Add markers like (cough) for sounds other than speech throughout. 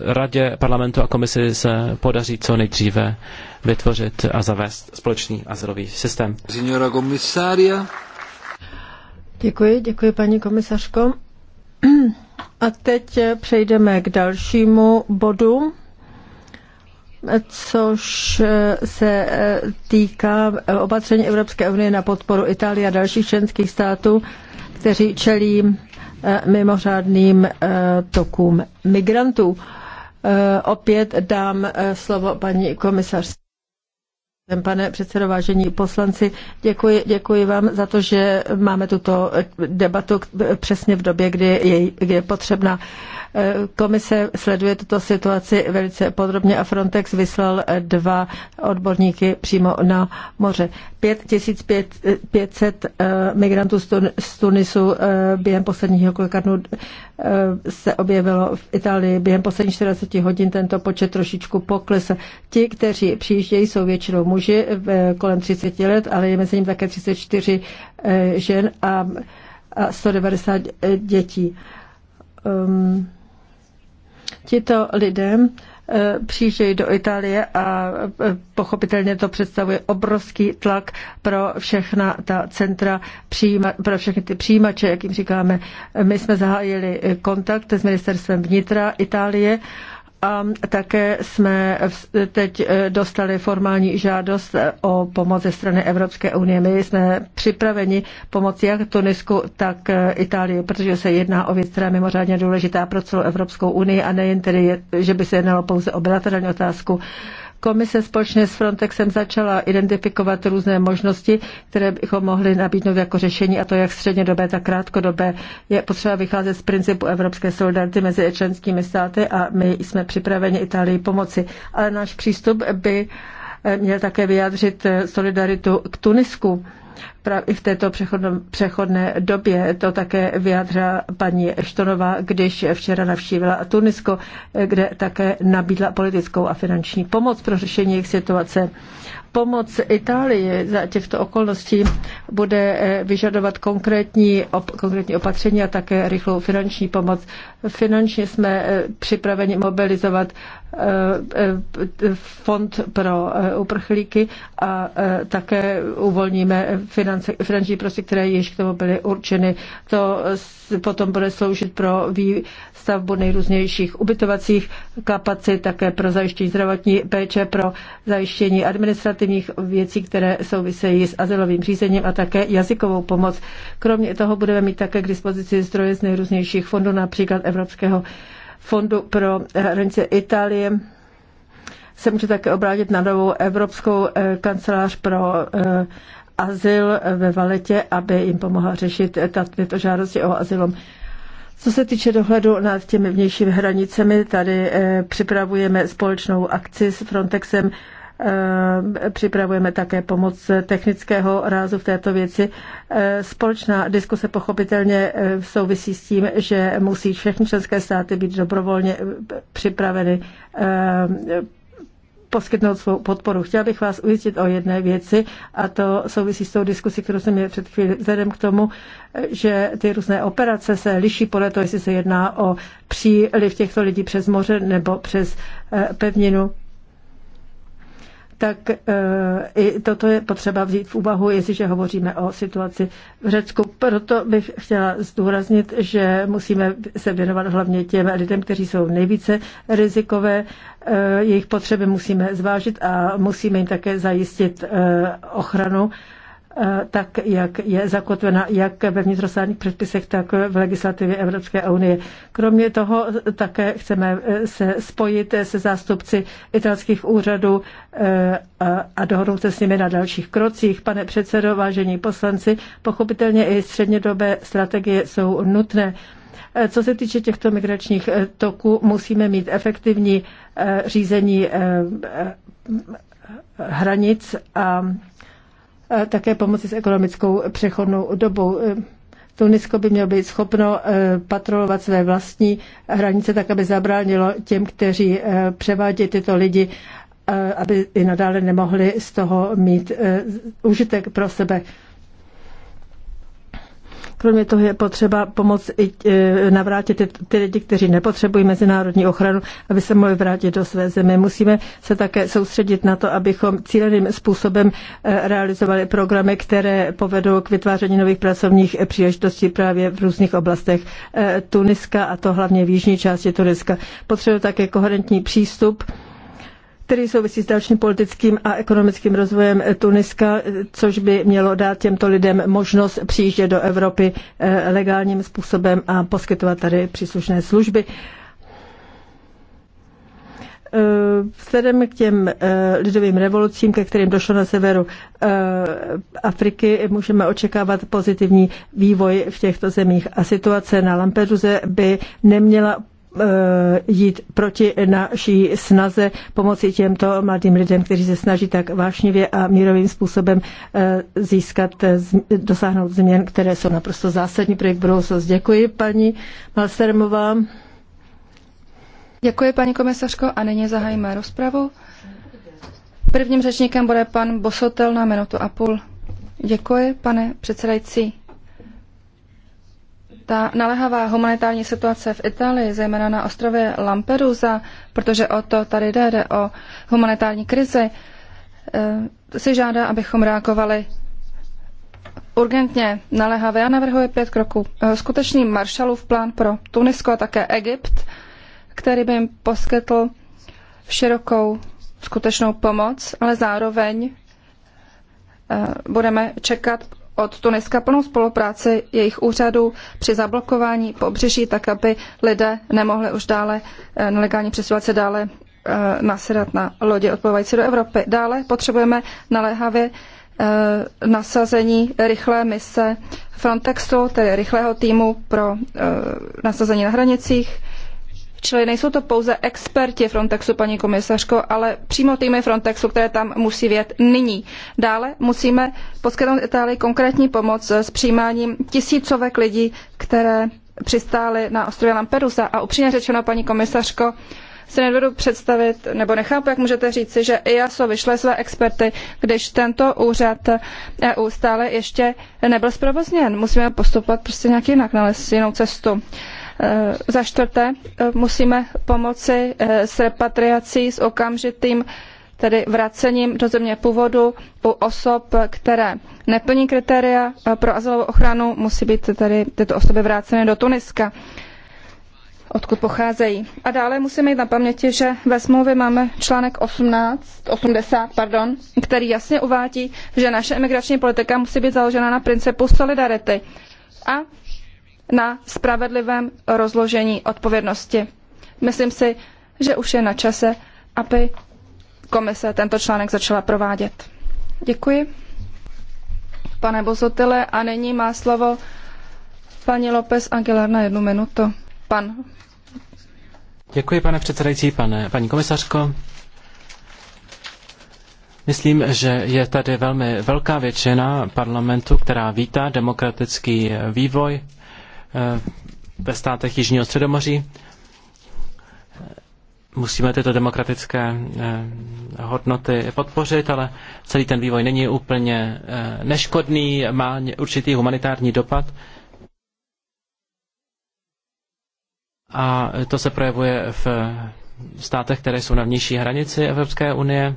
radě, parlamentu a komisi se podaří co nejdříve vytvořit a zavést společný azylový systém. Signora komisária. Děkuji, děkuji paní komisařko. A teď přejdeme k dalšímu bodu, což se týká opatření Evropské unie na podporu Itálie a dalších členských států, kteří čelí mimořádným tokům migrantů. Eh, opět dám eh, slovo paní komisařce. Pane předsedo, vážení poslanci, děkuji, děkuji vám za to, že máme tuto debatu přesně v době, kdy je, kdy je Komise sleduje tuto situaci velice podrobně a Frontex vyslal dva odborníky přímo na moře. 5500 eh, migrantů z Tunisu eh, během posledních několika dnů eh, se objevilo v Itálii. Během posledních 40 hodin tento počet trošičku poklesl. Ti, kteří přijíždějí, jsou většinou muži kolem 30 let, ale je mezi nimi také 34 žen a 190 dětí. Um, Tito lidé eh, přijíždějí do Itálie a eh, pochopitelně to představuje obrovský tlak pro všechna ta centra, přijíma, pro všechny ty přijímače, jak jim říkáme. My jsme zahájili eh, kontakt s ministerstvem vnitra Itálie a také jsme teď eh, dostali formální žádost eh, o pomoc ze strany Evropské unie. My jsme připraveni pomoci jak Tunisku, tak eh, Itálii, protože se jedná o věc, která je mimořádně důležitá pro celou Evropskou unii a nejen tedy, že by se jednalo pouze o bilaterální otázku Komise společně s Frontexem začala identifikovat různé možnosti, které bychom mohli nabídnout jako řešení, a to jak střednědobé, tak krátkodobé. Je potřeba vycházet z principu evropské solidarity mezi členskými státy a my jsme připraveni Itálii pomoci. Ale náš přístup by měl také vyjádřit solidaritu k Tunisku i v této přechodné době. To také vyjádřila paní Eštonová, když včera navštívila Tunisko, kde také nabídla politickou a finanční pomoc pro řešení jejich situace. Pomoc Itálii za těchto okolností bude eh, vyžadovat konkrétní, op, konkrétní opatření a také rychlou finanční pomoc. Finančně jsme eh, připraveni mobilizovat eh, fond pro uprchlíky a také uvolníme finance finanční prostředky, které již k tomu byly určeny. To potom bude sloužit pro výstavbu nejrůznějších ubytovacích kapacit, také pro zajištění zdravotní péče, pro zajištění administrativních věcí, které souvisejí s azylovým řízením a také jazykovou pomoc. Kromě toho budeme mít také k dispozici zdroje z nejrůznějších fondů, například Evropského fondu pro hranice Itálie, se může také obrátit na novou Evropskou eh, kancelář pro eh, azyl ve Valetě, aby jim pomohla řešit tyto žádosti o azylom. Co se týče dohledu nad těmi vnějšími hranicemi, tady eh, připravujeme společnou akci s Frontexem, eh, připravujeme také pomoc technického rázu v této věci. Eh, společná diskuse pochopitelně souvisí s tím, že musí všechny členské státy být dobrovolně připraveny poskytnout svou podporu. Chtěla bych vás ujistit o jedné věci a to souvisí s tou diskusí, kterou jsem měl před chvíli, vzhledem k tomu, že ty různé operace se liší podle toho, jestli se jedná o příliv těchto lidí přes moře nebo přes eh, pevninu tak e, i toto je potřeba vzít v úvahu, jestliže hovoříme o situaci v Řecku. Proto bych chtěla zdůraznit, že musíme se věnovat hlavně těm lidem, kteří jsou nejvíce rizikové. E, jejich potřeby musíme zvážit a musíme jim také zajistit e, ochranu Eh, tak, jak je zakotvena jak ve vnitrostátních předpisech, tak v legislativě Evropské unie. Kromě toho také chceme eh, se spojit eh, se zástupci italských úřadů a dohodnout se s nimi na dalších krocích. Pane předsedo, vážení poslanci, pochopitelně i střednědobé strategie jsou nutné. Co se týče těchto migračních toků, musíme mít efektivní řízení hranic a také pomoci s ekonomickou přechodnou dobou. E, Tunisko by mělo být schopno e, patrolovat své vlastní hranice tak, aby zabránilo těm, kteří e, převádějí tyto lidi, aby i nadále nemohli z toho mít užitek pro sebe. Kromě toho je potřeba pomoct i e, navrátit ty lidi, kteří nepotřebují mezinárodní ochranu, aby se mohli vrátit do své země. Musíme se také soustředit na to, abychom cíleným způsobem e, realizovali programy, které povedou k vytváření nových pracovních příležitostí právě v různých oblastech e, Tuniska a to hlavně v jižní části Tuniska. Potřebuje také koherentní přístup který souvisí s dalším politickým a ekonomickým rozvojem Tuniska, což by mělo dát těmto lidem možnost přijíždět do Evropy eh, legálním způsobem a poskytovat tady příslušné služby. Eh, vzhledem k těm eh, lidovým revolucím, ke kterým došlo na severu Afriky, můžeme očekávat pozitivní vývoj v těchto zemích a situace na Lampeduze by neměla Eh, jít proti naší snaze pomoci těmto mladým lidem, kteří se snaží tak vášnivě a mírovým způsobem eh, získat, eh, dosáhnout změn, které jsou naprosto zásadní pro jejich budoucnost. Děkuji, paní Malstermová. Děkuji, paní komisařko, a nyní zahájíme rozpravu. Prvním řečníkem bude pan Bosotel na minutu a půl. Děkuji, pane předsedající ta nalehavá humanitární situace v Itálii, zejména na ostrově Lampedusa, protože o to tady jde, jde o humanitární krizi, eh, si žádá, abychom reagovali urgentně, nalehavě. Já navrhuji pět kroků. Eh, skutečný Marshallův plán pro Tunisko a také Egypt, který by jim poskytl širokou skutečnou pomoc, ale zároveň eh, budeme čekat od Tuniska plnou spolupráci jejich úřadů při zablokování pobřeží, tak aby lidé nemohli už dále eh, nelegální přesouvat se dále eh, nasedat na lodě odplouvající do Evropy. Dále potřebujeme naléhavě eh, nasazení rychlé mise Frontexu, tedy rychlého týmu pro nasazení na hranicích, Čili nejsou to pouze experti Frontexu, paní komisařko, ale přímo týmy Frontexu, které tam musí vět nyní. Dále musíme poskytnout Itálii konkrétní pomoc s přijímáním tisícovek lidí, které přistály na ostrově Lampedusa. A upřímně řečeno, paní komisařko, si nedovedu představit, nebo nechápu, jak můžete říci, že IASO vyšle své experty, když tento úřad EU stále ještě nebyl zprovozněn. Musíme postupovat prostě nějak jinak, nalézt jinou cestu. Eh, za čtvrté, eh, musíme pomoci eh, s repatriací, s okamžitým tedy vracením do země původu u osob, které neplní kritéria pro azylovou ochranu, musí být tedy tyto osoby vráceny do Tuniska odkud pocházejí. A dále musíme mít na paměti, že ve smlouvě máme článek 18, 80, pardon, který jasně uvádí, že naše imigrační politika musí být založena na principu solidarity. A na spravedlivém rozložení odpovědnosti. Myslím si, že už je na čase, aby komise tento článek začala provádět. Děkuji. Pane Bozotile, a nyní má slovo paní López Aguilar na jednu minutu. Pan. Děkuji, pane předsedající, pane, paní komisařko. Myslím, že je tady velmi velká většina parlamentu, která vítá demokratický vývoj Eh, ve státech Jižního středomoří. Eh, musíme tyto demokratické eh, hodnoty podpořit, ale celý ten vývoj není úplně neškodný, má určitý humanitární dopad. A to se projevuje v státech, které jsou na vnější hranici Evropské unie.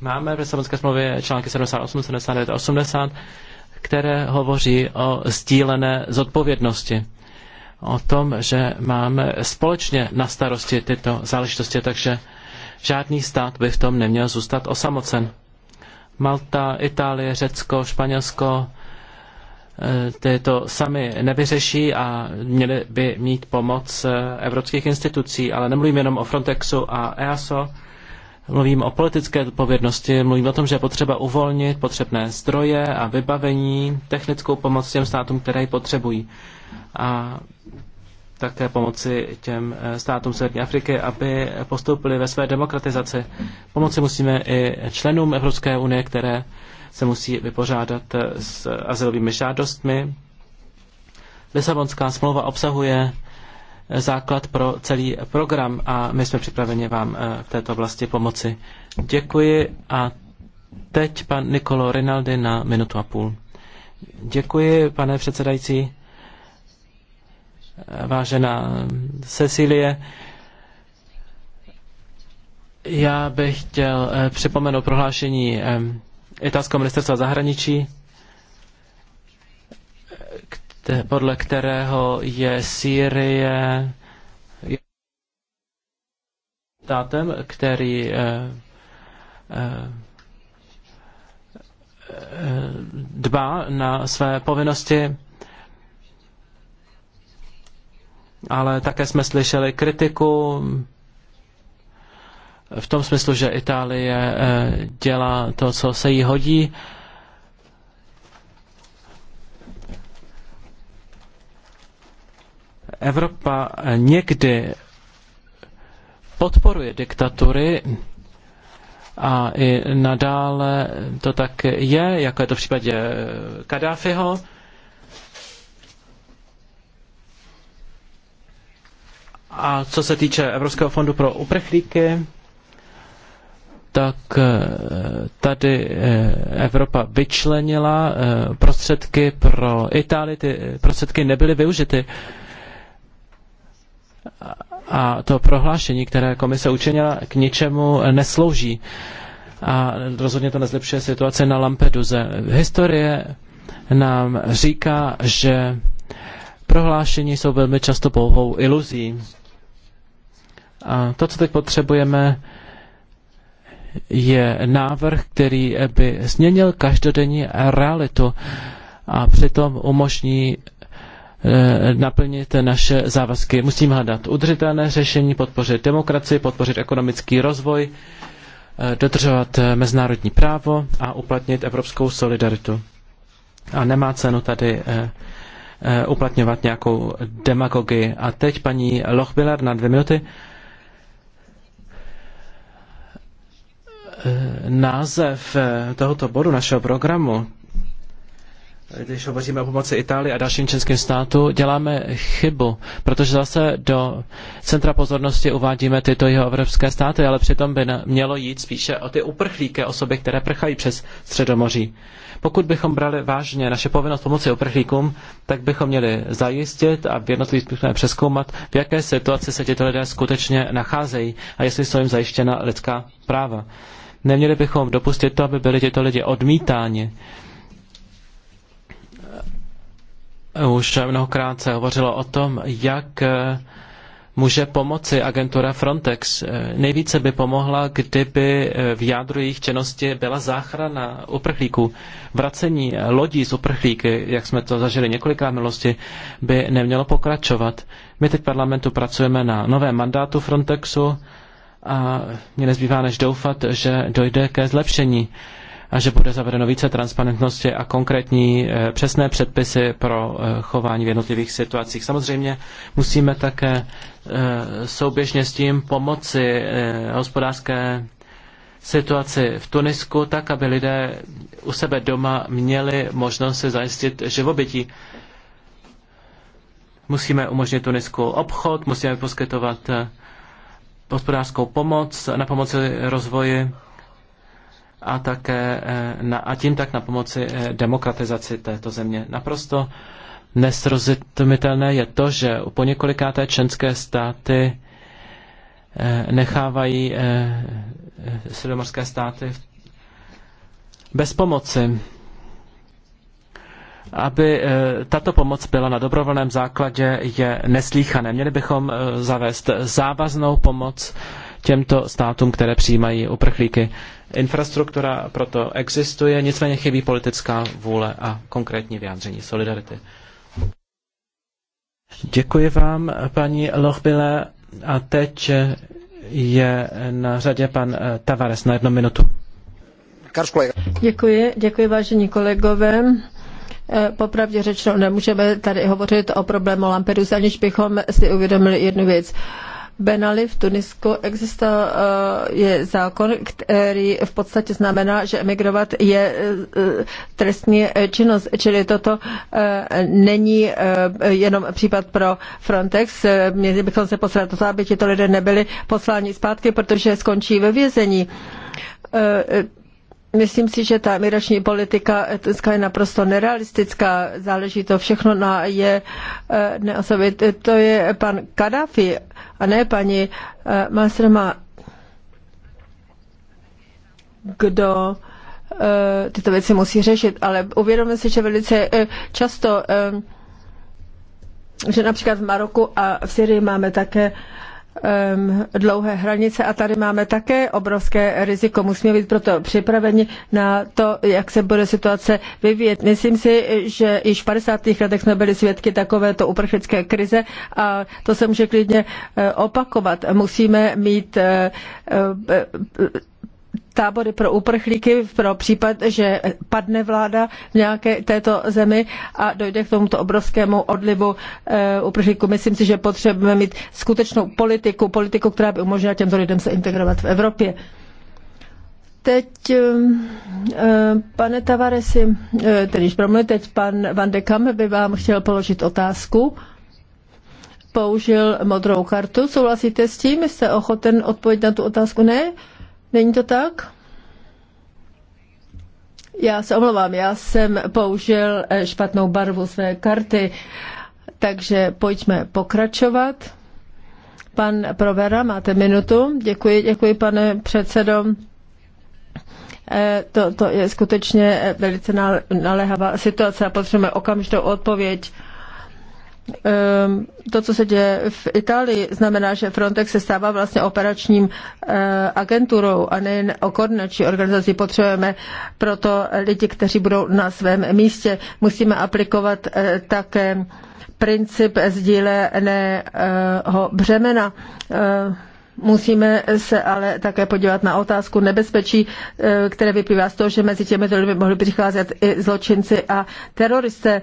Máme v Lisabonské smlouvě články 78, 79 a 80, které hovoří o sdílené zodpovědnosti. O tom, že máme společně na starosti tyto záležitosti, takže žádný stát by v tom neměl zůstat osamocen. Malta, Itálie, Řecko, Španělsko eh, ty to sami nevyřeší a měli by mít pomoc eh, evropských institucí, ale nemluvím jenom o Frontexu a EASO, Mluvím o politické odpovědnosti, mluvím o tom, že je potřeba uvolnit potřebné zdroje a vybavení, technickou pomoc těm státům, které ji potřebují. A také pomoci těm eh, státům Severní Afriky, aby postoupili ve své demokratizaci. Pomoci musíme i členům Evropské unie, které se musí vypořádat eh, s azylovými žádostmi. Lisabonská smlouva obsahuje základ pro celý program a my jsme připraveni vám eh, v této oblasti pomoci. Děkuji a teď pan Nikolo Rinaldi na minutu a půl. Děkuji, pane předsedající. Vážená Cecilie, já bych chtěl eh, připomenout prohlášení eh, italského ministerstva zahraničí podle kterého je Sýrie státem, který eh, eh, dbá na své povinnosti, ale také jsme slyšeli kritiku v tom smyslu, že Itálie eh, dělá to, co se jí hodí. Evropa někdy podporuje diktatury a i nadále to tak je, jako je to v případě Kadáfiho. A co se týče Evropského fondu pro uprchlíky, tak eh, tady eh, Evropa vyčlenila eh, prostředky pro Itálii, ty prostředky nebyly využity a to prohlášení, které komise učinila, k ničemu neslouží. A rozhodně to nezlepšuje situace na Lampeduze. Historie nám říká, že prohlášení jsou velmi často pouhou iluzí. A to, co teď potřebujeme, je návrh, který by změnil každodenní realitu a přitom umožní Eh, naplnit naše závazky. Musíme hledat udržitelné řešení, podpořit demokracii, podpořit ekonomický rozvoj, eh, dodržovat eh, mezinárodní právo a uplatnit evropskou solidaritu. A nemá cenu tady uplatňovat nějakou demagogii. A teď paní Lochbiller na dvě minuty. Název tohoto bodu našeho programu když hovoříme o pomoci Itálii a dalším členským státu, děláme chybu, protože zase do centra pozornosti uvádíme tyto jeho evropské státy, ale přitom by mělo jít spíše o ty uprchlíky, osoby, které prchají přes Středomoří. Pokud bychom brali vážně naše povinnost pomoci uprchlíkům, tak bychom měli zajistit a v jednotlivých způsobem přeskoumat, v jaké situaci se tyto lidé skutečně nacházejí a jestli jsou jim zajištěna lidská práva. Neměli bychom dopustit to, aby byli tyto lidé odmítáni Už mnohokrát se hovořilo o tom, jak eh, může pomoci agentura Frontex. Eh, nejvíce by pomohla, kdyby eh, v jádru jejich činnosti byla záchrana uprchlíků. Vracení lodí z uprchlíky, jak jsme to zažili několikrát milosti, by nemělo pokračovat. My teď v parlamentu pracujeme na novém mandátu Frontexu a mě nezbývá než doufat, že dojde ke zlepšení a že bude zavedeno více transparentnosti a konkrétní eh, přesné předpisy pro eh, chování v jednotlivých situacích. Samozřejmě musíme také eh, souběžně s tím pomoci hospodářské situaci v Tunisku tak, aby lidé u sebe doma měli možnost si zajistit živobytí. Musíme umožnit Tunisku obchod, musíme poskytovat hospodářskou pomoc na pomoci rozvoji a, také, eh, na, a tím tak na pomoci eh, demokratizaci této země. Naprosto nesrozumitelné je to, že po několikáté členské státy eh, nechávají středomorské státy bez pomoci. Aby tato pomoc byla na dobrovolném základě, je neslíchané. Měli bychom zavést závaznou pomoc těmto státům, které přijímají uprchlíky. Infrastruktura proto existuje, nicméně chybí politická vůle a konkrétní vyjádření solidarity. Děkuji vám, paní Lochbile. A teď je na řadě pan eh, Tavares na jednu minutu. Děkuji, děkuji vážení kolegové. Eh, popravdě řečeno, nemůžeme tady hovořit o problému Lampedusa, aniž bychom si uvědomili jednu věc. Ben Ali v Tunisku existuje eh, zákon, který v podstatě znamená, že emigrovat je eh, trestní činnost, čili toto eh, není jenom případ pro Frontex. Měli bychom se postarat o to, aby tyto lidé nebyli posláni zpátky, protože skončí ve vězení Myslím si, že ta migrační politika etnická je naprosto nerealistická, záleží to všechno na je eh, neosobit. To je pan Kadafi a ne paní eh, Masrma, kdo eh, tyto věci musí řešit, ale uvědomme si, že velice často že například v Maroku a v Syrii máme také dlouhé hranice a tady máme také obrovské riziko. Musíme být proto připraveni na to, jak se bude situace vyvíjet. Myslím si, že již v 50. letech jsme byli svědky takovéto uprchlické krize a to se může klidně eh, opakovat. Musíme mít eh, eh, tábory pro uprchlíky pro případ, že padne vláda v nějaké této zemi a dojde k tomuto obrovskému odlivu eh, uprchlíků. Myslím si, že potřebujeme mít skutečnou politiku, politiku, která by umožnila těmto lidem se integrovat v Evropě. Teď, ehm, eh, pane Tavaresi, eh, tedy již promluvím, teď pan Van de Kam by vám chtěl položit otázku. Použil modrou kartu. Souhlasíte s tím? Jste ochoten odpovědět na tu otázku? Ne? Není to tak? Já se omlouvám, já jsem použil eh, špatnou barvu své karty, takže pojďme pokračovat. Pan Provera, máte minutu. Děkuji, děkuji pane předsedo. Eh, to, to je skutečně eh, velice naléhavá situace a potřebujeme okamžitou odpověď. Ehm, to, co se děje v Itálii, znamená, že Frontex se stává vlastně operačním eh, agenturou a nejen o koordinační organizaci. Potřebujeme proto lidi, kteří budou na svém místě. Musíme aplikovat eh, také princip sdíleného eh, břemena. Musíme se ale také podívat na otázku nebezpečí, které vyplývá z toho, že mezi těmito lidmi mohli přicházet i zločinci a teroristé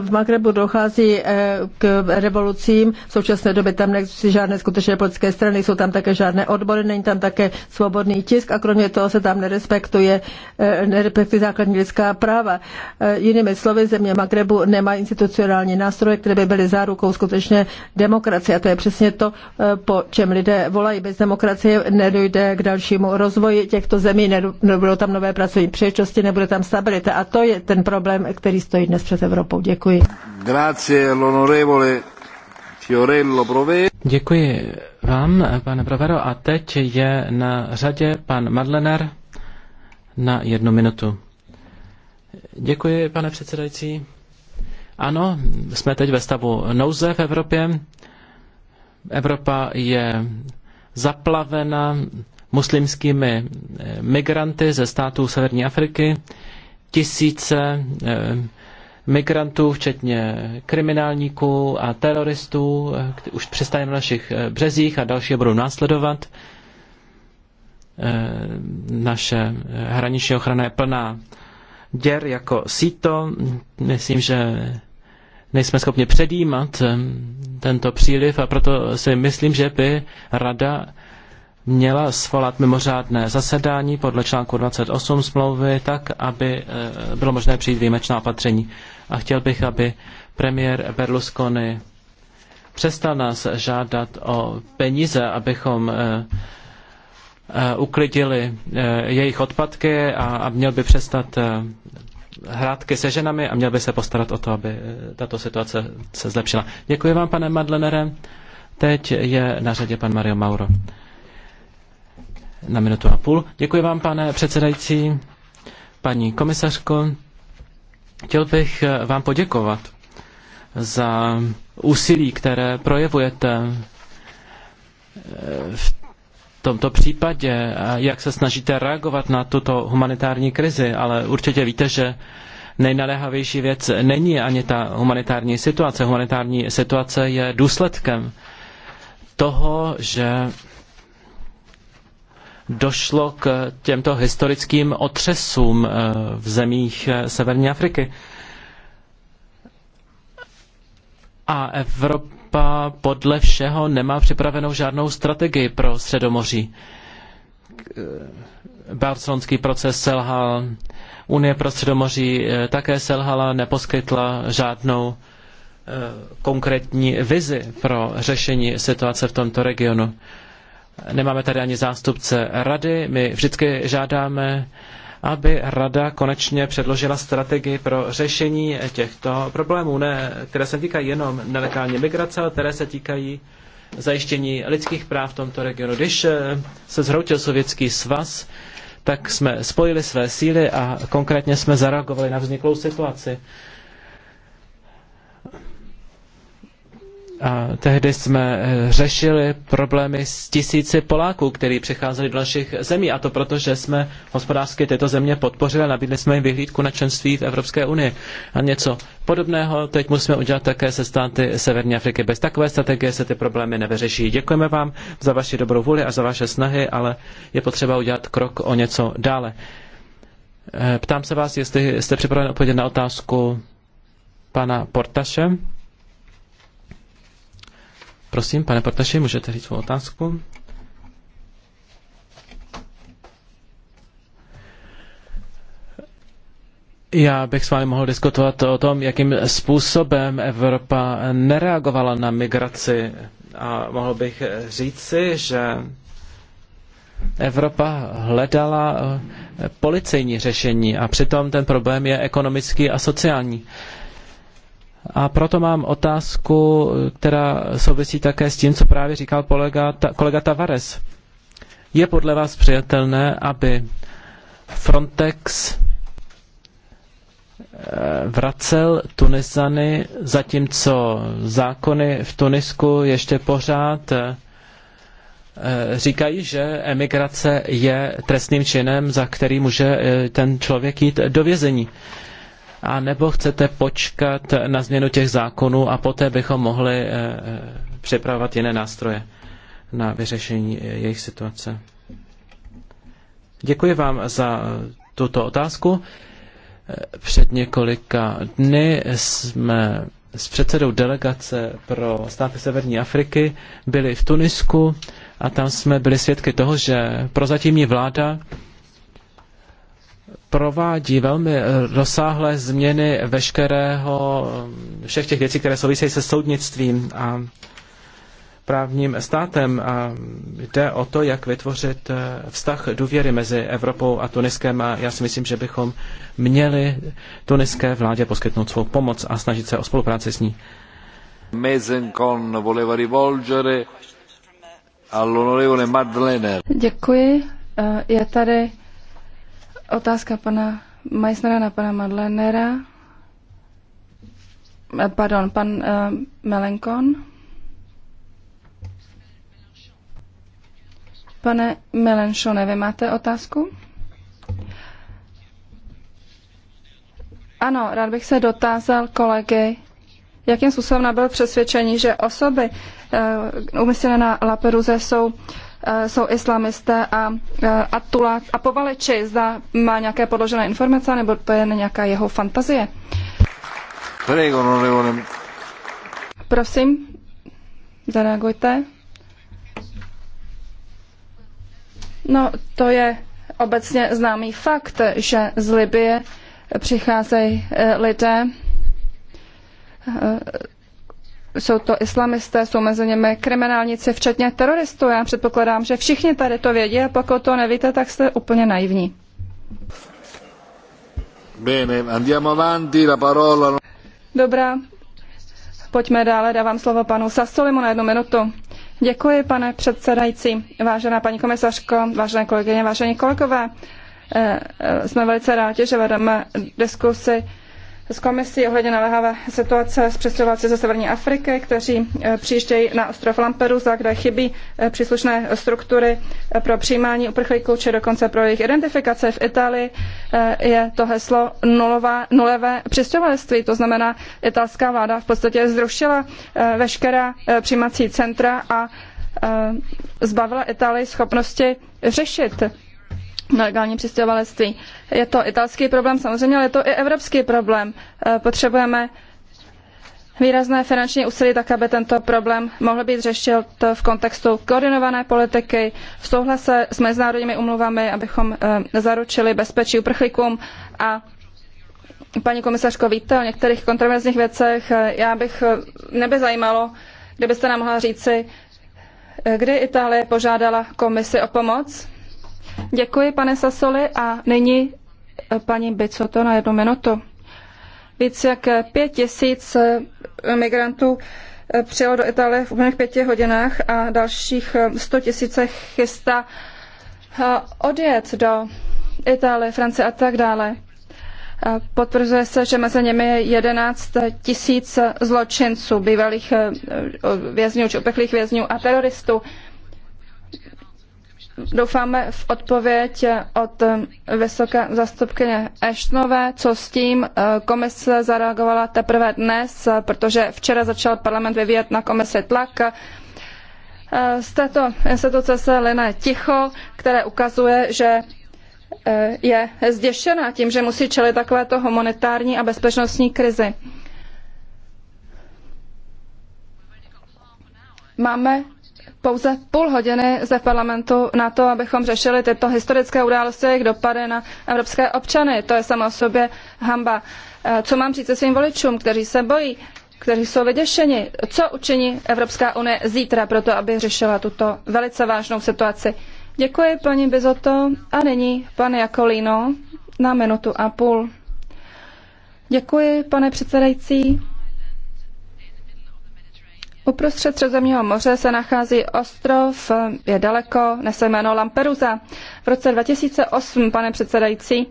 v Magrebu dochází eh, k revolucím, v současné době tam neexistují žádné skutečné politické strany, jsou tam také žádné odbory, není tam také svobodný tisk a kromě toho se tam nerespektuje, eh, nerespektuje základní lidská práva. Eh, jinými slovy, země Magrebu nemá institucionální nástroje, které by byly zárukou skutečné demokracie a to je přesně to, po čem lidé volají. Bez demokracie nedojde k dalšímu rozvoji těchto zemí, nebudou tam nové pracovní příležitosti, nebude tam stabilita a to je ten problém, který stojí dnes před Evropou. Děkuji. Děkuji. Děkuji vám, pane Provero. A teď je na řadě pan Madlener na jednu minutu. Děkuji, pane předsedající. Ano, jsme teď ve stavu nouze v Evropě. Evropa je zaplavena muslimskými eh, migranty ze států Severní Afriky. Tisíce eh, migrantů, včetně kriminálníků a teroristů, kteří už přistají na našich eh, březích a další budou následovat. Eh, naše eh, hraniční ochrana je plná děr jako síto. Myslím, že nejsme schopni předjímat tento příliv a proto si myslím, že by rada měla svolat mimořádné zasedání podle článku 28 smlouvy tak, aby bylo možné přijít výjimečná opatření a chtěl bych, aby premiér Berlusconi přestal nás žádat o peníze, abychom eh, eh, uklidili eh, jejich odpadky a, měl by přestat hrátky se ženami a měl by se postarat o to, aby tato situace se zlepšila. Děkuji vám, pane Madlenere. Teď je na řadě pan Mario Mauro. Na minutu a půl. Děkuji vám, pane předsedající, paní komisařko. Chtěl bych eh, vám poděkovat za úsilí, které projevujete eh, v tomto případě, jak se snažíte reagovat na tuto humanitární krizi, ale určitě víte, že nejnaléhavější věc není ani ta humanitární situace. Humanitární situace je důsledkem toho, že došlo k těmto historickým otřesům eh, v zemích eh, Severní Afriky. A Evropa podle všeho nemá připravenou žádnou strategii pro Středomoří. Eh, barcelonský proces selhal, Unie pro Středomoří také selhala, neposkytla žádnou konkrétní vizi pro řešení situace v tomto regionu. Nemáme tady ani zástupce rady. My vždycky žádáme, aby rada konečně předložila strategii pro řešení těchto problémů, ne, které se týkají jenom nelegální migrace, ale které se týkají zajištění lidských práv v tomto regionu. Když eh, se zhroutil Sovětský svaz, tak jsme spojili své síly a konkrétně jsme zareagovali na vzniklou situaci. A tehdy jsme eh, řešili problémy s tisíci Poláků, kteří přecházeli do našich zemí, a to proto, že jsme hospodářsky tyto země podpořili a nabídli jsme jim vyhlídku na členství v Evropské unii. A něco podobného teď musíme udělat také se státy Severní Afriky. Bez takové strategie se ty problémy nevyřeší. Děkujeme vám za vaši dobrou vůli a za vaše snahy, ale je potřeba udělat krok o něco dále. Eh, ptám se vás, jestli jste připraven odpovědět na otázku pana Portaše. Prosím, pane Portaši, můžete říct svou otázku. Já bych s vámi mohl diskutovat o tom, jakým způsobem Evropa nereagovala na migraci. A mohl bych říci, že Evropa hledala policejní řešení a přitom ten problém je ekonomický a sociální. Uh, a proto mám otázku, která souvisí také s tím, co právě říkal kolega, ta, kolega Tavares. Je podle vás přijatelné, aby Frontex eh, vracel Tunisany, zatímco zákony v Tunisku ještě pořád eh, eh, říkají, že emigrace je trestným činem, za který může ten člověk jít do vězení a nebo chcete počkat na změnu těch zákonů a poté bychom mohli eh, eh, připravovat jiné nástroje na vyřešení eh, jejich situace. Děkuji vám za tuto otázku. Před několika dny jsme s předsedou delegace pro státy Severní Afriky byli v Tunisku a tam jsme byli svědky toho, že prozatímní vláda provádí velmi rozsáhlé změny veškerého, všech těch věcí, které souvisejí se soudnictvím a právním státem. A jde o to, jak vytvořit eh, vztah důvěry mezi Evropou a Tuniskem a já si myslím, že bychom měli tuniské vládě poskytnout svou pomoc a snažit se o spolupráci s ní. Mezenkon voleva rivolgere all'onorevole Madlener. Děkuji. Eh, je tady Otázka pana Majsnera na pana Madlenera. Eh, pardon, pan uh, Melenkon. Pane Melenšone, vy máte otázku? Ano, rád bych se dotázal kolegy, jakým způsobem nabyl přesvědčení, že osoby uh, umístěné na Laperuze jsou uh, Eh, jsou islamisté a, eh, a, tula, a povaleči. Zda má nějaké podložené informace, nebo to je nějaká jeho fantazie. Prego, no, Prosím, zareagujte. No, to je obecně známý fakt, že z Libie přicházejí eh, lidé jsou to islamisté, jsou mezi nimi kriminálníci, včetně teroristů. Já předpokládám, že všichni tady to vědí a pokud to nevíte, tak jste úplně naivní. Bene, andiamo avanti, la parola... Dobrá, pojďme dále, dávám slovo panu Sasolimu na jednu minutu. Děkuji, pane předsedající, vážená paní komisařko, vážené kolegyně, vážení kolegové. Eh, eh, jsme velice rádi, že vedeme diskusi s komisí ohledně naléhavé situace s přestěhovalci ze severní Afriky, kteří eh, přijíždějí na ostrov Lampedusa, kde chybí eh, příslušné struktury eh, pro přijímání uprchlíků či dokonce pro jejich identifikaci. V Itálii je to heslo nulová, nulové přistěhovalectví, to znamená, italská vláda v podstatě zrušila veškerá přijímací centra a zbavila Itálii schopnosti řešit nelegální přistěhovalectví. Je to italský problém samozřejmě, ale je to i evropský problém. Eh, potřebujeme výrazné finanční úsilí, tak aby tento problém mohl být řešen v kontextu koordinované politiky, v souhlase s mezinárodními umluvami, abychom eh, zaručili bezpečí uprchlíkům a Paní komisařko, víte o některých kontroverzních věcech. Eh, já bych, by zajímalo, kdybyste nám mohla říci, kdy Itálie požádala komisi o pomoc Děkuji, pane Sasoli, a nyní eh, paní Bicoto na jednu minutu. Více jak pět tisíc eh, migrantů eh, přijelo do Itálie v úplných pěti hodinách a dalších 100 tisíce chystá odjet do Itálie, Francie a tak dále. Potvrzuje se, že mezi nimi je 11 tisíc zločinců, bývalých vězňů či uprchlých vězňů a teroristů doufáme v odpověď od vysoké zastupkyně Ashtonové, co s tím. Eh, komise zareagovala teprve dnes, protože včera začal parlament vyvíjet na komisi tlak. Eh, z této instituce se line ticho, které ukazuje, že eh, je zděšená tím, že musí čelit takovéto humanitární a bezpečnostní krizi. Máme pouze půl hodiny zde v parlamentu na to, abychom řešili tyto historické události a jejich dopady na evropské občany. To je samo o sobě hamba. Eh, co mám říct se svým voličům, kteří se bojí, kteří jsou vyděšeni? Co učiní Evropská unie zítra pro to, aby řešila tuto velice vážnou situaci? Děkuji paní Bizoto a nyní pan Jakolino na minutu a půl. Děkuji, pane předsedající. Uprostřed Středozemního moře se nachází ostrov, je daleko, nese jméno Lamperusa. V roce 2008, pane předsedající,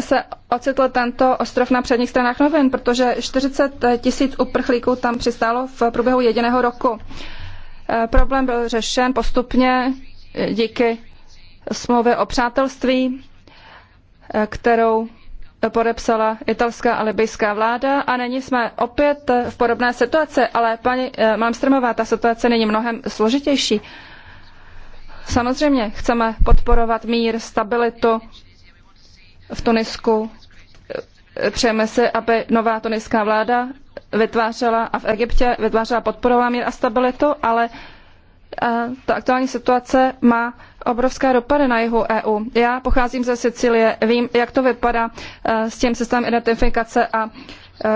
se ocitl tento ostrov na předních stranách novin, protože 40 tisíc uprchlíků tam přistálo v průběhu jediného roku. Eh, problém byl řešen postupně díky smlouvě o přátelství, eh, kterou podepsala italská a libyská vláda a nyní jsme opět v podobné situaci, ale paní eh, Malmstrmová, ta situace není mnohem složitější. Samozřejmě chceme podporovat mír, stabilitu v Tunisku. Přejeme si, aby nová tuniská vláda vytvářela a v Egyptě vytvářela podporovala mír a stabilitu, ale ta aktuální situace má obrovské dopady na jihu EU. Já pocházím ze Sicílie, vím, jak to vypadá e, s tím systémem identifikace a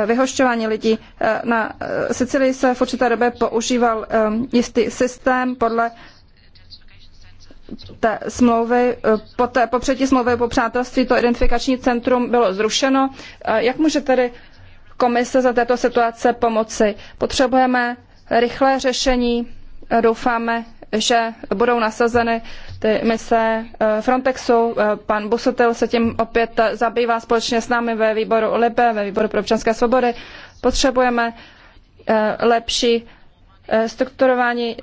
e, vyhošťování lidí. E, na Sicílii se v určité době používal jistý systém podle té smlouvy, po, té, po přijetí smlouvy po přátelství to identifikační centrum bylo zrušeno. Jak může tedy komise za této situace pomoci? Potřebujeme rychlé řešení doufáme, že budou nasazeny ty mise eh, Frontexu. Eh, pan Busutil se tím opět zabývá společně s námi ve výboru LIBE, ve výboru pro občanské svobody. Potřebujeme eh, lepší strukturování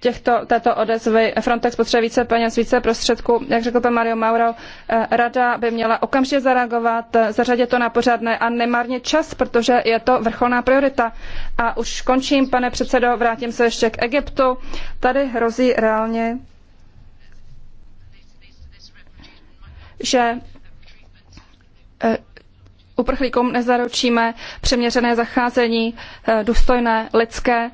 těchto, této odezvy. Frontex potřebuje více peněz, více prostředků. Jak řekl pan Mario Mauro, eh, rada by měla okamžitě zareagovat, eh, zařadit to na pořádné a nemarně čas, protože je to vrcholná priorita. A už končím, pane předsedo, vrátím se ještě k Egyptu. Tady hrozí reálně, že eh, uprchlíkům nezaručíme přeměřené zacházení, důstojné lidské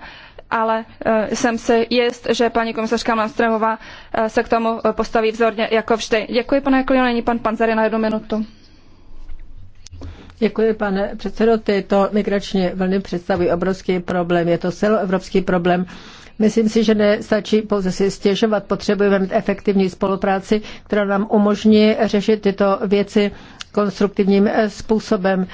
ale e, jsem si jist, že paní komisařka Malmströmová e, se k tomu postaví vzorně jako vždy. Děkuji, pane Klino, není pan Panzery na jednu minutu. Děkuji, pane předsedo. Tyto migrační vlny představují obrovský problém. Je to celoevropský problém. Myslím si, že nestačí pouze si stěžovat. Potřebujeme mít efektivní spolupráci, která nám umožní řešit tyto věci konstruktivním e, způsobem. Uh,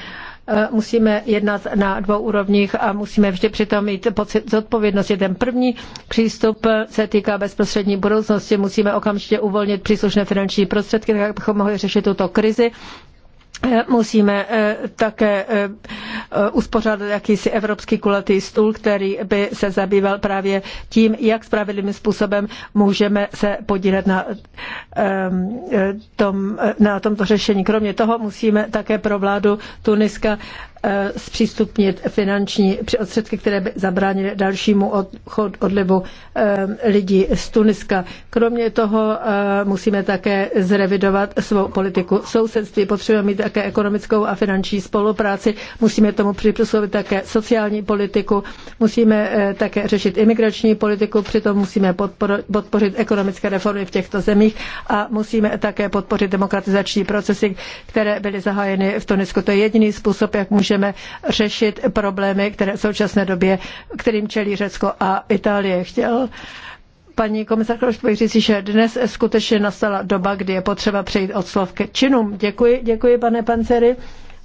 Eh, musíme jednat na dvou úrovních a musíme vždy přitom mít pocit zodpovědnosti. Ten první přístup eh, se týká bezprostřední budoucnosti. Musíme okamžitě uvolnit příslušné finanční prostředky, tak abychom mohli řešit tuto krizi musíme eh, také eh, eh, uspořádat jakýsi evropský kulatý stůl, který by se zabýval právě tím, jak spravedlivým způsobem můžeme se podílet na, ehm, tom, na tomto řešení. Kromě toho musíme také pro vládu Tuniska zpřístupnit finanční prostředky, které by zabránily dalšímu odchod, odlivu ehm, lidí z Tuniska. Kromě toho musíme také zrevidovat svou politiku sousedství. Potřebujeme mít také ekonomickou a finanční spolupráci, musíme tomu přizpůsobit také sociální politiku, musíme eh, také řešit imigrační politiku, přitom musíme podpořit ekonomické reformy v těchto zemích a musíme také podpořit demokratizační procesy, které byly zahájeny v Tunisku. To je jediný způsob, jak můžeme řešit problémy, které v současné době, kterým čelí Řecko a Itálie. Chtěl Paní komisarko, už bych říci, že dnes skutečně nastala doba, kdy je potřeba přejít od slov ke činům. Děkuji, děkuji pane Pancery.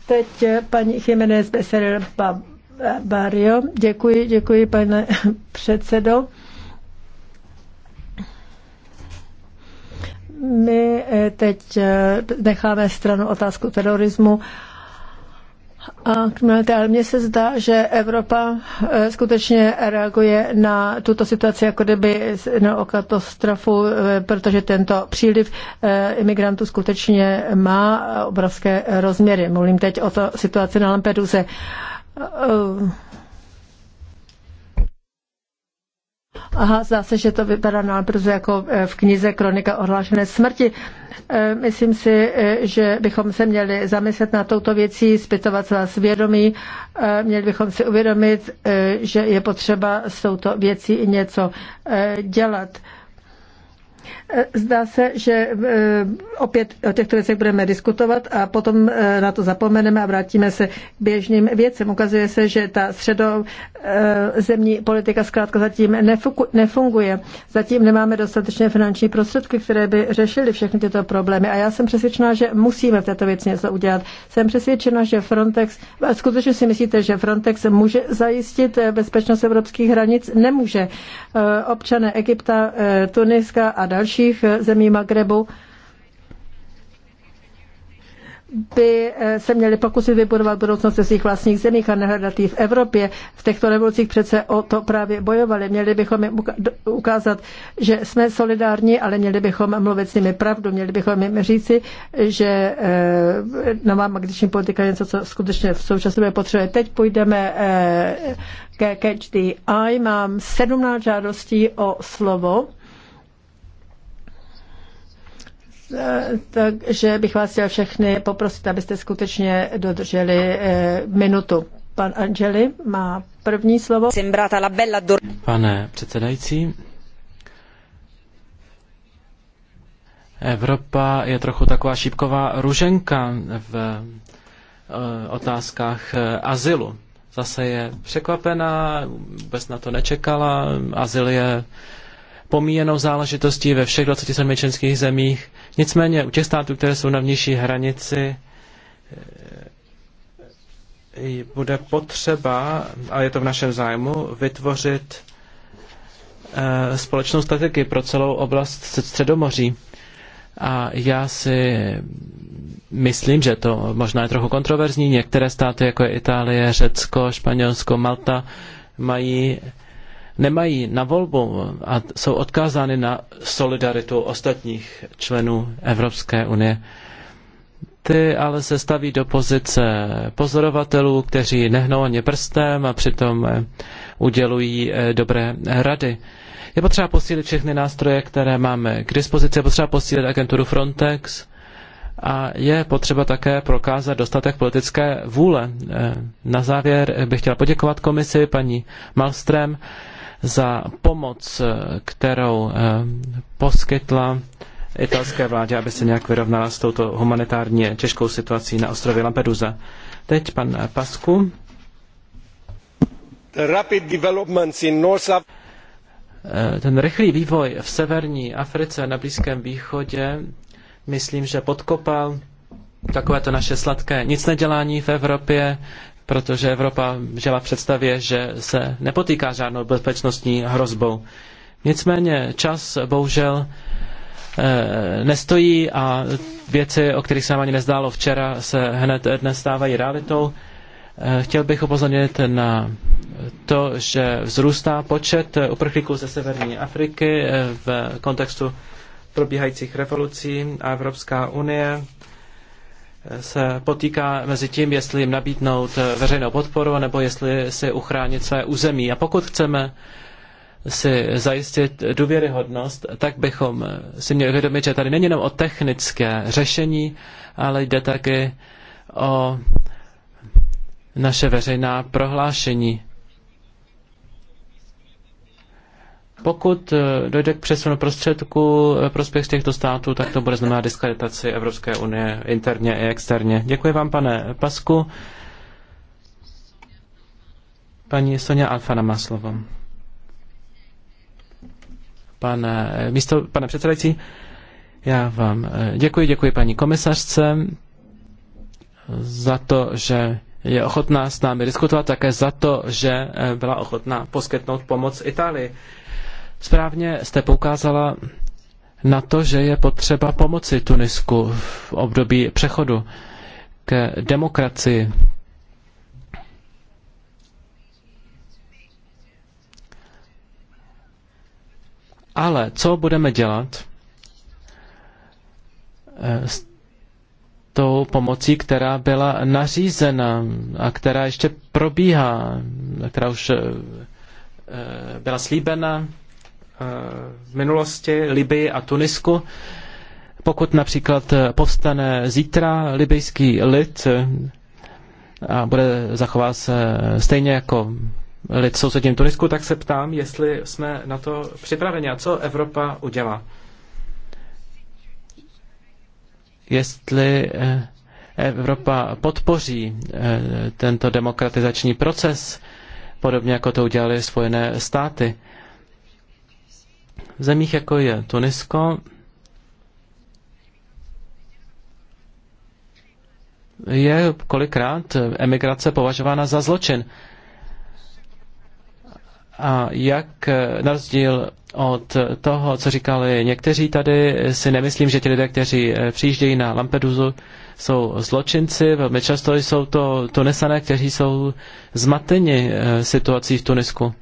Teď paní Jiménez Beseril Barrio. Děkuji, děkuji pane (laughs) předsedo. My eh, teď eh, necháme stranu otázku terorismu a no, ale mně se zdá, že Evropa eh, skutečně reaguje na tuto situaci jako kdyby na no, katastrofu, eh, protože tento příliv eh, imigrantů skutečně má obrovské rozměry. Mluvím teď o to situaci na Lampeduse. Aha, zdá se, že to vypadá nábrzo jako eh, v knize Kronika ohlášené smrti. Eh, myslím si, eh, že bychom se měli zamyslet na touto věcí, zpytovat svá svědomí. Měli bychom si uvědomit, že je potřeba s touto věcí něco dělat. Eh, zdá se, že eh, opět o těchto věcech budeme diskutovat a potom eh, na to zapomeneme a vrátíme se k běžným věcem. Ukazuje se, že ta středozemní politika zkrátka zatím nefunguje. Zatím nemáme dostatečné finanční prostředky, které by řešily všechny tyto problémy. A já jsem přesvědčena, že musíme v této věci něco udělat. Jsem přesvědčena, že Frontex, skutečně si myslíte, že Frontex může zajistit bezpečnost evropských hranic? Nemůže. Občané Egypta, Tuniska a dalších eh, zemí Magrebu by eh, se měli pokusit vybudovat budoucnost ve svých vlastních zemích a nehledat ji v Evropě. V těchto revolucích přece o to právě bojovali. Měli bychom jim ukázat, že jsme solidární, ale měli bychom mluvit s nimi pravdu. Měli bychom jim říci, že eh, nová magnetická politika je něco, co skutečně v současné době potřebuje. Teď půjdeme ke Catch the Eye. Mám 17 žádostí o slovo. takže bych vás chtěl všechny poprosit, abyste skutečně dodrželi eh, minutu. Pan Angeli má první slovo. Pane předsedající, Evropa je trochu taková šípková ruženka v eh, otázkách eh, azylu. Zase je překvapená, vůbec na to nečekala. Azyl je pomíjenou záležitostí ve všech 27 členských zemích. Nicméně u těch států, které jsou na vnější hranici, eh, bude potřeba, a je to v našem zájmu, vytvořit eh, společnou strategii pro celou oblast Středomoří. A já si myslím, že to možná je trochu kontroverzní. Některé státy, jako je Itálie, Řecko, Španělsko, Malta, mají nemají na volbu a jsou odkázány na solidaritu ostatních členů Evropské unie. Ty ale se staví do pozice pozorovatelů, kteří nehnou ani prstem a přitom eh, udělují eh, dobré rady. Je potřeba posílit všechny nástroje, které máme k dispozici, je potřeba posílit agenturu Frontex a je potřeba také prokázat dostatek politické vůle. Eh, na závěr bych chtěla poděkovat komisi paní Malstrem za pomoc, kterou eh, poskytla italské vládě, aby se nějak vyrovnala s touto humanitárně těžkou situací na ostrově Lampedusa. Teď pan Pasku. Eh, ten rychlý vývoj v severní Africe na Blízkém východě, myslím, že podkopal takové to naše sladké nic nedělání v Evropě, protože Evropa žila v představě, že se nepotýká žádnou bezpečnostní hrozbou. Nicméně čas bohužel eh, nestojí a věci, o kterých se nám ani nezdálo včera, se hned dnes stávají realitou. Eh, chtěl bych upozornit na to, že vzrůstá počet uprchlíků ze severní Afriky eh, v kontextu probíhajících revolucí a Evropská unie se potýká mezi tím, jestli jim nabídnout veřejnou podporu, nebo jestli si uchránit své území. A pokud chceme si zajistit důvěryhodnost, tak bychom si měli uvědomit, že tady není jenom o technické řešení, ale jde taky o naše veřejná prohlášení. Pokud eh, dojde k přesunu prostředků eh, prospěch z těchto států, tak to bude znamenat diskreditaci Evropské unie interně i externě. Děkuji vám, pane Pasku. Paní Sonja Alfana má slovo. Pane, místo, pane předsedající, já vám eh, děkuji, děkuji paní komisařce za to, že je ochotná s námi diskutovat, také za to, že byla ochotná poskytnout pomoc Itálii. Správně jste poukázala na to, že je potřeba pomoci Tunisku v období přechodu k demokracii. Ale co budeme dělat eh, s tou pomocí, která byla nařízena a která ještě probíhá, která už eh, eh, byla slíbena? v minulosti Libii a Tunisku. Pokud například povstane zítra libijský lid a bude zachová se stejně jako lid v sousedním Tunisku, tak se ptám, jestli jsme na to připraveni a co Evropa udělá. Jestli eh, Evropa podpoří eh, tento demokratizační proces, podobně jako to udělali Spojené státy. V zemích, jako je Tunisko, je kolikrát emigrace považována za zločin. A jak na rozdíl od toho, co říkali někteří tady, si nemyslím, že ti lidé, kteří přijíždějí na Lampedusu, jsou zločinci. Velmi často jsou to Tunesané, kteří jsou zmateni eh, situací v Tunisku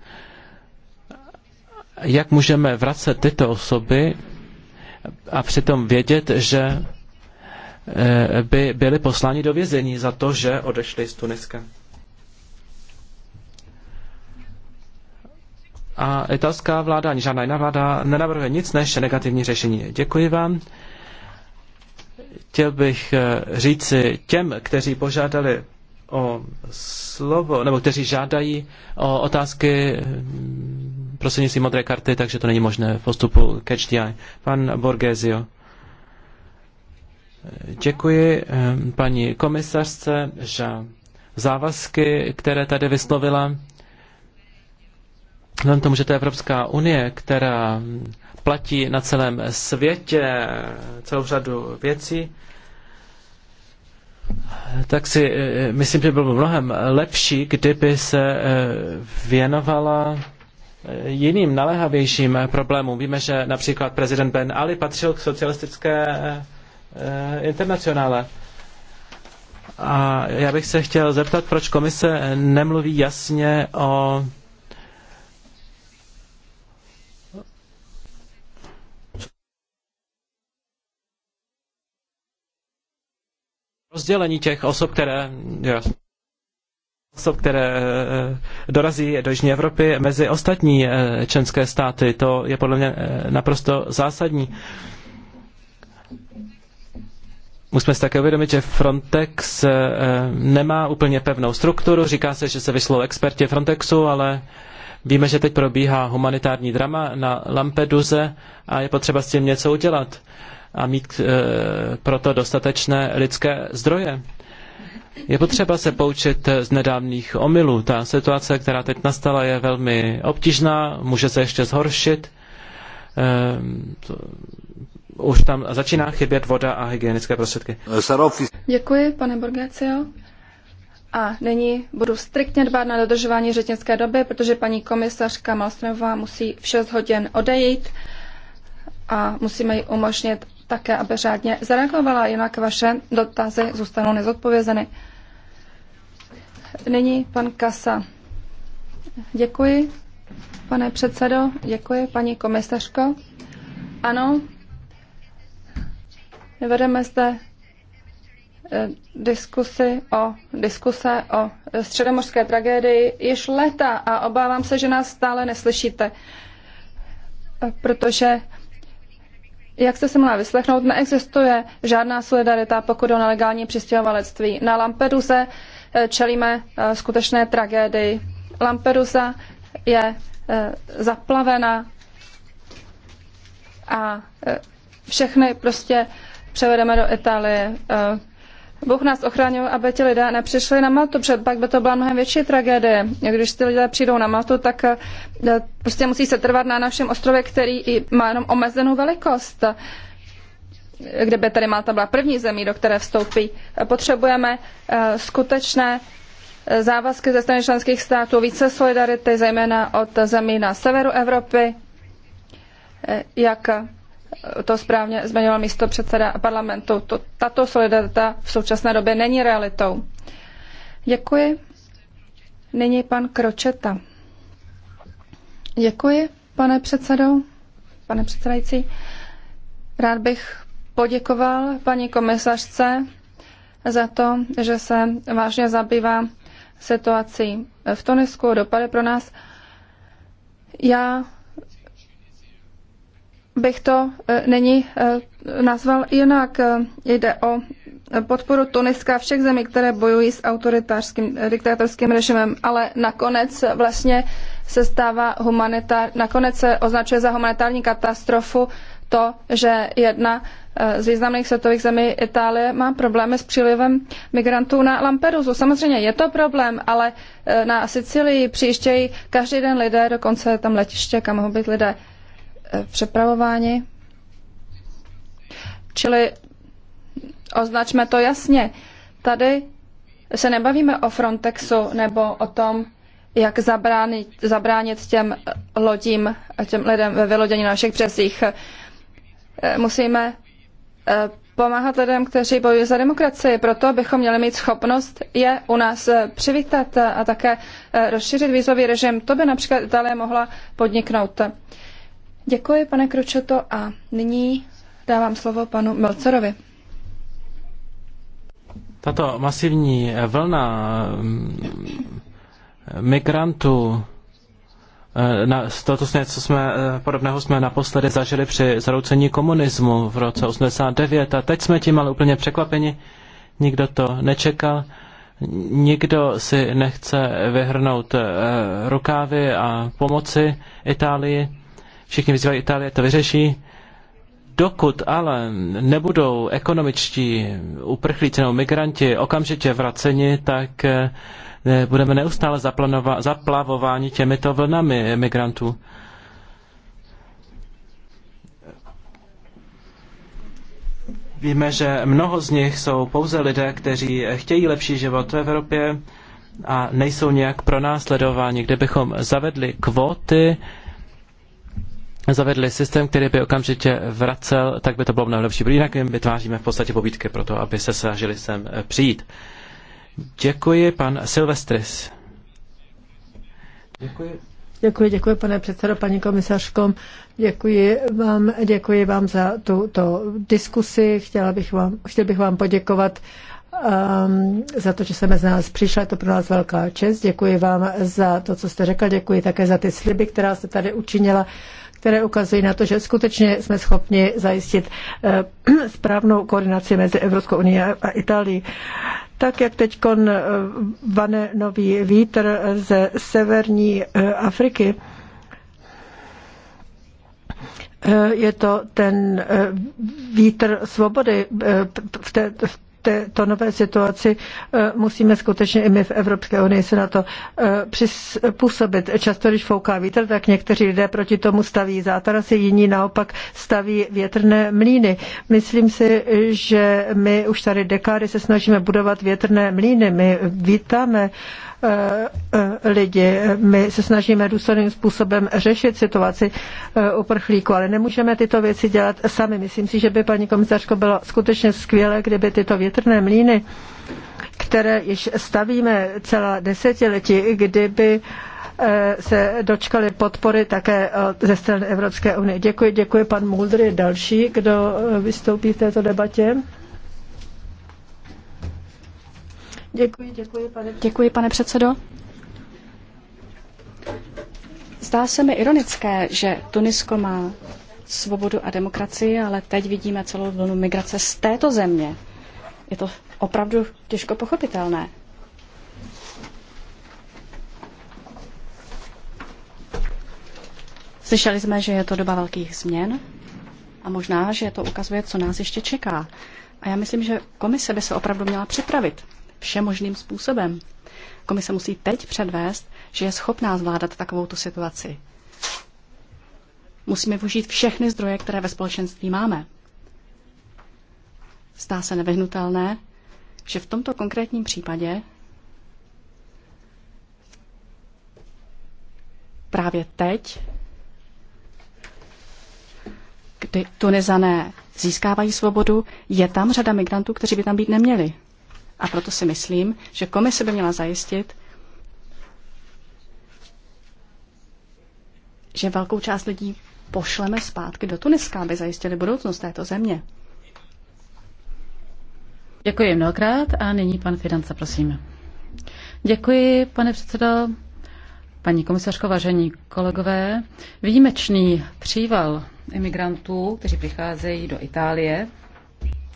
jak můžeme vracet tyto osoby a přitom vědět, že eh, by byli posláni do vězení za to, že odešli z Tuniska. A italská vláda ani žádná jiná vláda nenavrhuje nic než negativní řešení. Děkuji vám. Chtěl bych eh, říci těm, kteří požádali o slovo, nebo kteří žádají o otázky mm, prostřednictvím modré karty, takže to není možné v postupu Catch the Eye. Pan Borgesio. Děkuji ehm, paní komisařce za závazky, které tady vyslovila. Vzhledem tomu, že to je Evropská unie, která platí na celém světě celou řadu věcí, tak si eh, eh, myslím, že bylo mnohem lepší, kdyby se eh, věnovala jiným naléhavějším problémům. Víme, že například prezident Ben Ali patřil k socialistické internacionále. A já bych se chtěl zeptat, proč komise nemluví jasně o rozdělení těch osob, které, osob, které eh, dorazí do Jižní Evropy mezi ostatní eh, členské státy. To je podle mě eh, naprosto zásadní. Musíme si také uvědomit, že Frontex nemá úplně pevnou strukturu. Říká se, že se vyslou experti Frontexu, ale víme, že teď probíhá humanitární drama na Lampeduze a je potřeba s tím něco udělat a mít eh, proto dostatečné lidské zdroje. Je potřeba se poučit z nedávných omylů. Ta situace, která teď nastala, je velmi obtížná, může se ještě zhoršit. Ehm, už tam začíná chybět voda a hygienické prostředky. Děkuji, pane Borgacio. A nyní budu striktně dbát na dodržování řetnické doby, protože paní komisařka Malstrová musí v 6 hodin odejít a musíme jí umožnit, také, aby řádně zareagovala, jinak vaše dotazy zůstanou nezodpovězeny. Nyní pan Kasa. Děkuji, pane předsedo, děkuji, paní komisařko. Ano, vedeme zde eh, diskusy o, diskuse o středomořské tragédii již leta a obávám se, že nás stále neslyšíte, protože jak jste si měla vyslechnout, neexistuje žádná solidarita, pokud o nelegální přistěhovalectví. Na Lampeduse eh, čelíme eh, skutečné tragédii. Lampedusa je eh, zaplavena a všechny prostě převedeme do Itálie. Bůh nás ochránil, aby ti lidé nepřišli na Maltu, protože pak by to byla mnohem větší tragédie. Když ty lidé přijdou na Maltu, tak eh, prostě musí se trvat na našem ostrově, který má jenom omezenou velikost kdyby tady Malta byla první zemí, do které vstoupí. Potřebujeme eh, skutečné eh, závazky ze strany členských států, více solidarity, zejména od zemí na severu Evropy, jak to správně zmiňoval místo předseda parlamentu. To, tato solidarita v současné době není realitou. Děkuji. Nyní pan Kročeta. Děkuji, pane předsedo, pane předsedající. Rád bych poděkoval paní komisařce za to, že se vážně zabývá situací v Tunisku, dopady pro nás. Já bych to e, není e, nazval jinak. E, jde o podporu Tuniska všech zemí, které bojují s autoritářským diktátorským režimem, ale nakonec vlastně se stává humanitár, nakonec se označuje za humanitární katastrofu to, že jedna z významných světových zemí Itálie má problémy s přílivem migrantů na Lampedusu. Samozřejmě je to problém, ale na Sicílii příštějí každý den lidé, dokonce je tam letiště, kam mohou být lidé Eh, přepravováni. Čili označme to jasně. Tady se nebavíme o Frontexu nebo o tom, jak zabránit, zabránit těm lodím, těm lidem ve vylodění na našich březích. Eh, musíme eh, pomáhat lidem, kteří bojují za demokracii. Proto bychom měli mít schopnost je u nás přivítat a také rozšířit vízový režim. To by například Itálie mohla podniknout. Děkuji, pane Kročoto, a nyní dávám slovo panu Melcerovi. Tato masivní vlna mm, migrantů eh, na je něco jsme, eh, podobného jsme naposledy zažili při zroucení komunismu v roce 89 a teď jsme tím ale úplně překvapeni. Nikdo to nečekal, nikdo si nechce vyhrnout eh, rukávy a pomoci Itálii. Všichni vyzývají Itálie, to vyřeší. Dokud ale nebudou ekonomičtí uprchlíci nebo migranti okamžitě vraceni, tak eh, budeme neustále zaplavováni těmito vlnami migrantů. Víme, že mnoho z nich jsou pouze lidé, kteří chtějí lepší život v Evropě a nejsou nějak pronásledováni. Kdybychom zavedli kvóty, zavedli systém, který by okamžitě vracel, tak by to bylo mnohem lepší. Jinak jim vytváříme v podstatě pobídky pro to, aby se snažili sem eh, přijít. Děkuji, pan Silvestris. Děkuji. Děkuji, děkuji, pane předsedo, paní komisařko. Děkuji vám, děkuji vám za tuto diskusi. Chtěla bych vám, chtěl bych vám poděkovat um, za to, že jste mezi nás přišla. Je to pro nás velká čest. Děkuji vám za to, co jste řekla. Děkuji také za ty sliby, která jste tady učinila. Uh, které ukazují na to, že skutečně jsme schopni zajistit eh, (clears throat) správnou koordinaci mezi Evropskou unii a Itálií. Tak, jak teď eh, vane nový vítr ze severní eh, Afriky, je to ten vítr svobody v, té, v této nové situaci e, musíme skutečně i my v Evropské unii se na to e, přizpůsobit. Často, když fouká vítr, tak někteří lidé proti tomu staví zátarasy, jiní naopak staví větrné mlíny. Myslím si, že my už tady dekády se snažíme budovat větrné mlíny. My vítáme uh, Eh, eh, lidi. My se snažíme důsledným způsobem řešit situaci eh, uprchlíků, ale nemůžeme tyto věci dělat sami. Myslím si, že by paní komisařko bylo skutečně skvělé, kdyby tyto větrné mlíny, které již stavíme celá desetiletí, kdyby se dočkali podpory také ze strany Evropské unie. Děkuji, děkuji pan Mulder je další, kdo vystoupí v této debatě. Děkuji, děkuji, pane, děkuji, pane předsedo. Zdá se mi ironické, že Tunisko má svobodu a demokracii, ale teď vidíme celou vlnu migrace z této země. Je to opravdu těžko pochopitelné. Slyšeli jsme, že je to doba velkých změn a možná, že to ukazuje, co nás ještě čeká. A já myslím, že komise by se opravdu měla připravit všemožným způsobem. Komise musí teď předvést, že je schopná zvládat takovouto situaci. Musíme využít všechny zdroje, které ve společenství máme. Zdá se nevyhnutelné, že v tomto konkrétním případě právě teď, kdy tunizané získávají svobodu, je tam řada migrantů, kteří by tam být neměli. A proto si myslím, že komise by měla zajistit, že velkou část lidí pošleme zpátky do Tuniska, aby zajistili budoucnost této země. Děkuji mnohokrát a nyní pan Fidanca, prosím. Děkuji, pane předsedo. Paní komisařko, vážení kolegové, výjimečný příval imigrantů, kteří přicházejí do Itálie,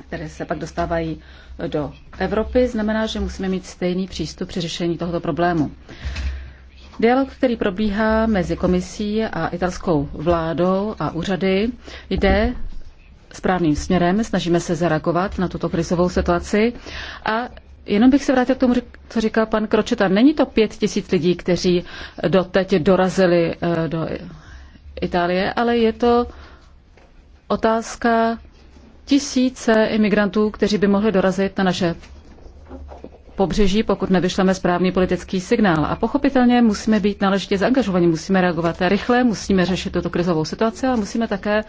které se pak dostávají do Evropy, znamená, že musíme mít stejný přístup při řešení tohoto problému. Dialog, který probíhá mezi komisí a italskou vládou a úřady, jde správným směrem, snažíme se zareagovat na tuto krizovou situaci a Jenom bych se vrátil k tomu, co říkal pan Kročeta. Není to pět tisíc lidí, kteří doteď dorazili eh, do Itálie, ale je to otázka tisíce imigrantů, kteří by mohli dorazit na naše pobřeží, pokud nevyšleme správný politický signál. A pochopitelně musíme být náležitě zaangažovaní, musíme reagovat rychle, musíme řešit tuto krizovou situaci, ale musíme také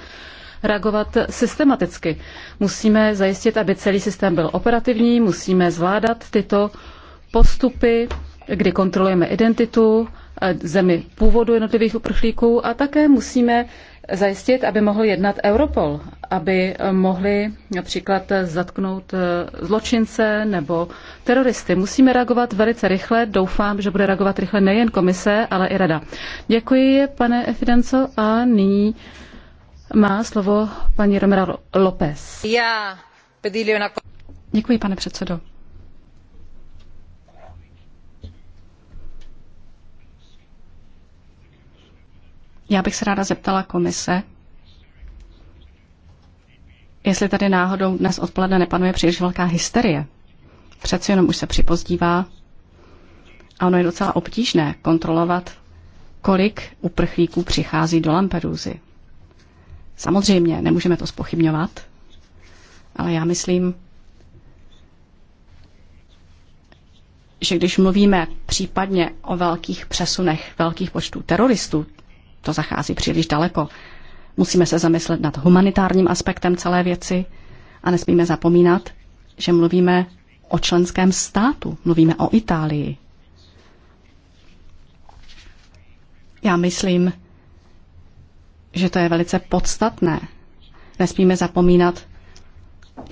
reagovat systematicky. Musíme zajistit, aby celý systém byl operativní, musíme zvládat tyto postupy, kdy kontrolujeme identitu, eh, zemi původu jednotlivých uprchlíků a také musíme zajistit, aby mohl jednat Europol, aby mohli například zatknout eh, zločince nebo teroristy. Musíme reagovat velice rychle. Doufám, že bude reagovat rychle nejen komise, ale i rada. Děkuji, pane Fidenco, a nyní má slovo paní Romera López. Děkuji, pane předsedo. Já bych se ráda zeptala komise, jestli tady náhodou dnes odpoledne nepanuje příliš velká hysterie. Přeci jenom už se připozdívá a ono je docela obtížné kontrolovat, kolik uprchlíků přichází do Lampedusy. Samozřejmě, nemůžeme to spochybňovat, ale já myslím, že když mluvíme případně o velkých přesunech, velkých počtů teroristů, to zachází příliš daleko. Musíme se zamyslet nad humanitárním aspektem celé věci a nesmíme zapomínat, že mluvíme o členském státu, mluvíme o Itálii. Já myslím, že to je velice podstatné. Nesmíme zapomínat,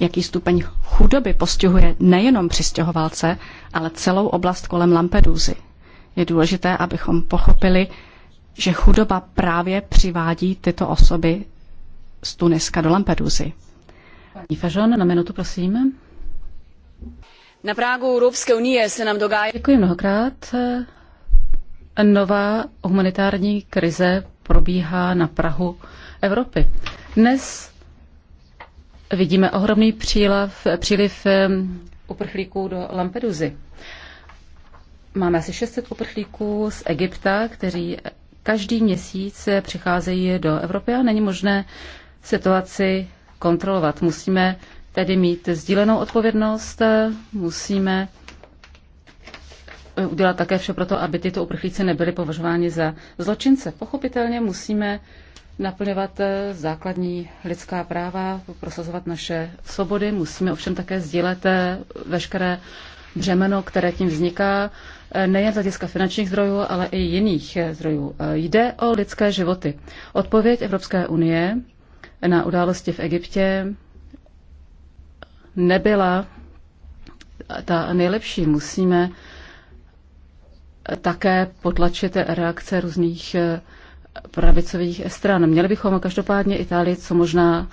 jaký stupeň chudoby postihuje nejenom přistěhovalce, ale celou oblast kolem Lampedusy. Je důležité, abychom pochopili, že chudoba právě přivádí tyto osoby z Tuniska do Lampedusy. Paní Fažon, na minutu prosím. Na prágu Evropské unie se nám dogáje... Děkuji mnohokrát. Nová humanitární krize probíhá na Prahu Evropy. Dnes vidíme ohromný přílav, příliv uprchlíků do Lampeduzy. Máme asi 600 uprchlíků z Egypta, kteří Každý měsíc přicházejí do Evropy a není možné situaci kontrolovat. Musíme tedy mít sdílenou odpovědnost, musíme eh, udělat také vše pro to, aby tyto uprchlíci nebyly považováni za zločince. Pochopitelně musíme naplňovat eh, základní lidská práva, prosazovat naše svobody, musíme ovšem také sdílet eh, veškeré břemeno, které tím vzniká. Eh, nejen z hlediska finančních zdrojů, ale i jiných eh, zdrojů. Eh, jde o lidské životy. Odpověď Evropské unie na události v Egyptě nebyla ta nejlepší. Musíme také potlačit reakce různých pravicových stran. Měli bychom každopádně Itálii co možná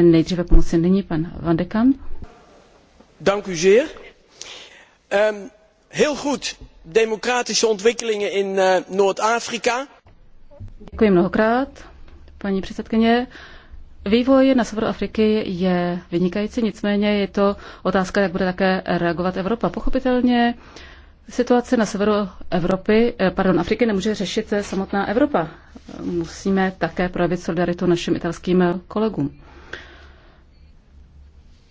nejdříve pomoci. Nyní pan Van de Kamp. Dank u zeer. Um, heel goed democratische ontwikkelingen in eh, noord afrika Děkuji mnohokrát, paní předsedkyně. Vývoj na severu Afriky je vynikající, nicméně je to otázka, jak bude také reagovat Evropa. Pochopitelně situace na severu Evropy, eh, pardon, Afriky nemůže řešit samotná Evropa. Musíme také projevit solidaritu našim italským kolegům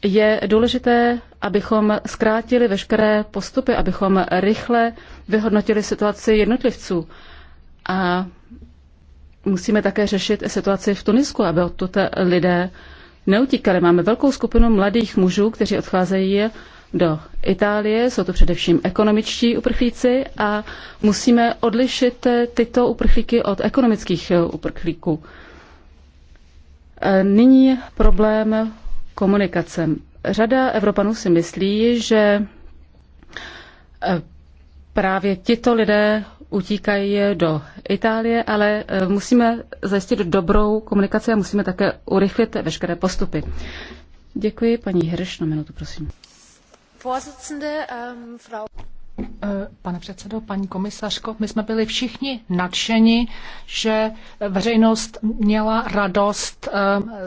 je důležité, abychom zkrátili veškeré postupy, abychom rychle vyhodnotili situaci jednotlivců. A musíme také řešit situaci v Tunisku, aby odtud lidé neutíkali. Máme velkou skupinu mladých mužů, kteří odcházejí do Itálie, jsou to především ekonomičtí uprchlíci a musíme odlišit tyto uprchlíky od ekonomických uprchlíků. Nyní problém komunikace. Řada Evropanů si myslí, že eh, právě tito lidé utíkají do Itálie, ale eh, musíme zajistit dobrou komunikaci a musíme také urychlit veškeré postupy. Děkuji, paní Hirš, na minutu, prosím. Pane předsedo, paní komisařko, my jsme byli všichni nadšeni, že veřejnost měla radost eh,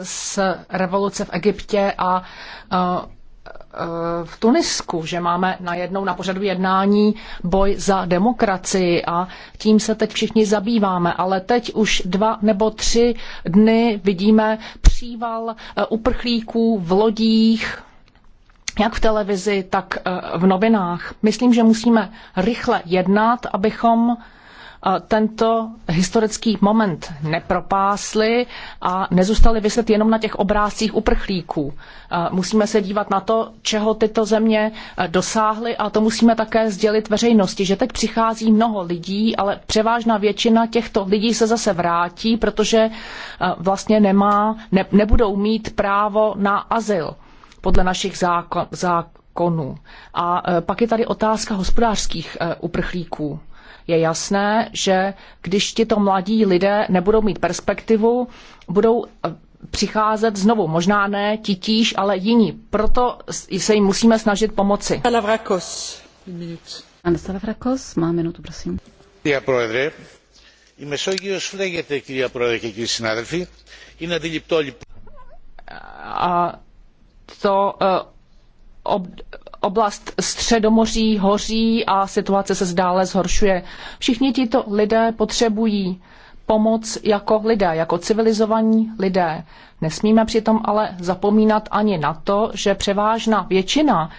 z revoluce v Egyptě a eh, eh, v Tunisku, že máme najednou na pořadu jednání boj za demokracii a tím se teď všichni zabýváme, ale teď už dva nebo tři dny vidíme příval uprchlíků v lodích, jak v televizi, tak eh, v novinách. Myslím, že musíme rychle jednat, abychom eh, tento historický moment nepropásli a nezůstali vyset jenom na těch obrázcích uprchlíků. Eh, musíme se dívat na to, čeho tyto země dosáhly a to musíme také sdělit veřejnosti, že teď přichází mnoho lidí, ale převážná většina těchto lidí se zase vrátí, protože vlastně nemá, ne, nebudou mít právo na azyl podle našich zákon, zákonů. A e, pak je tady otázka hospodářských e, uprchlíků. Je jasné, že když tito mladí lidé nebudou mít perspektivu, budou e, přicházet znovu. Možná ne titíž, ale jiní. Proto se jim musíme snažit pomoci. má minutu, prosím. Πρόεδρε, η Μεσόγειος φλέγεται, κυρία Πρόεδρε και κύριοι συνάδελφοι. Είναι αντιληπτό λοιπόν to eh, oblast Středomoří hoří a situace se zdále zhoršuje. Všichni tito lidé potřebují pomoc jako lidé, jako civilizovaní lidé. Nesmíme přitom ale zapomínat ani na to, že převážná většina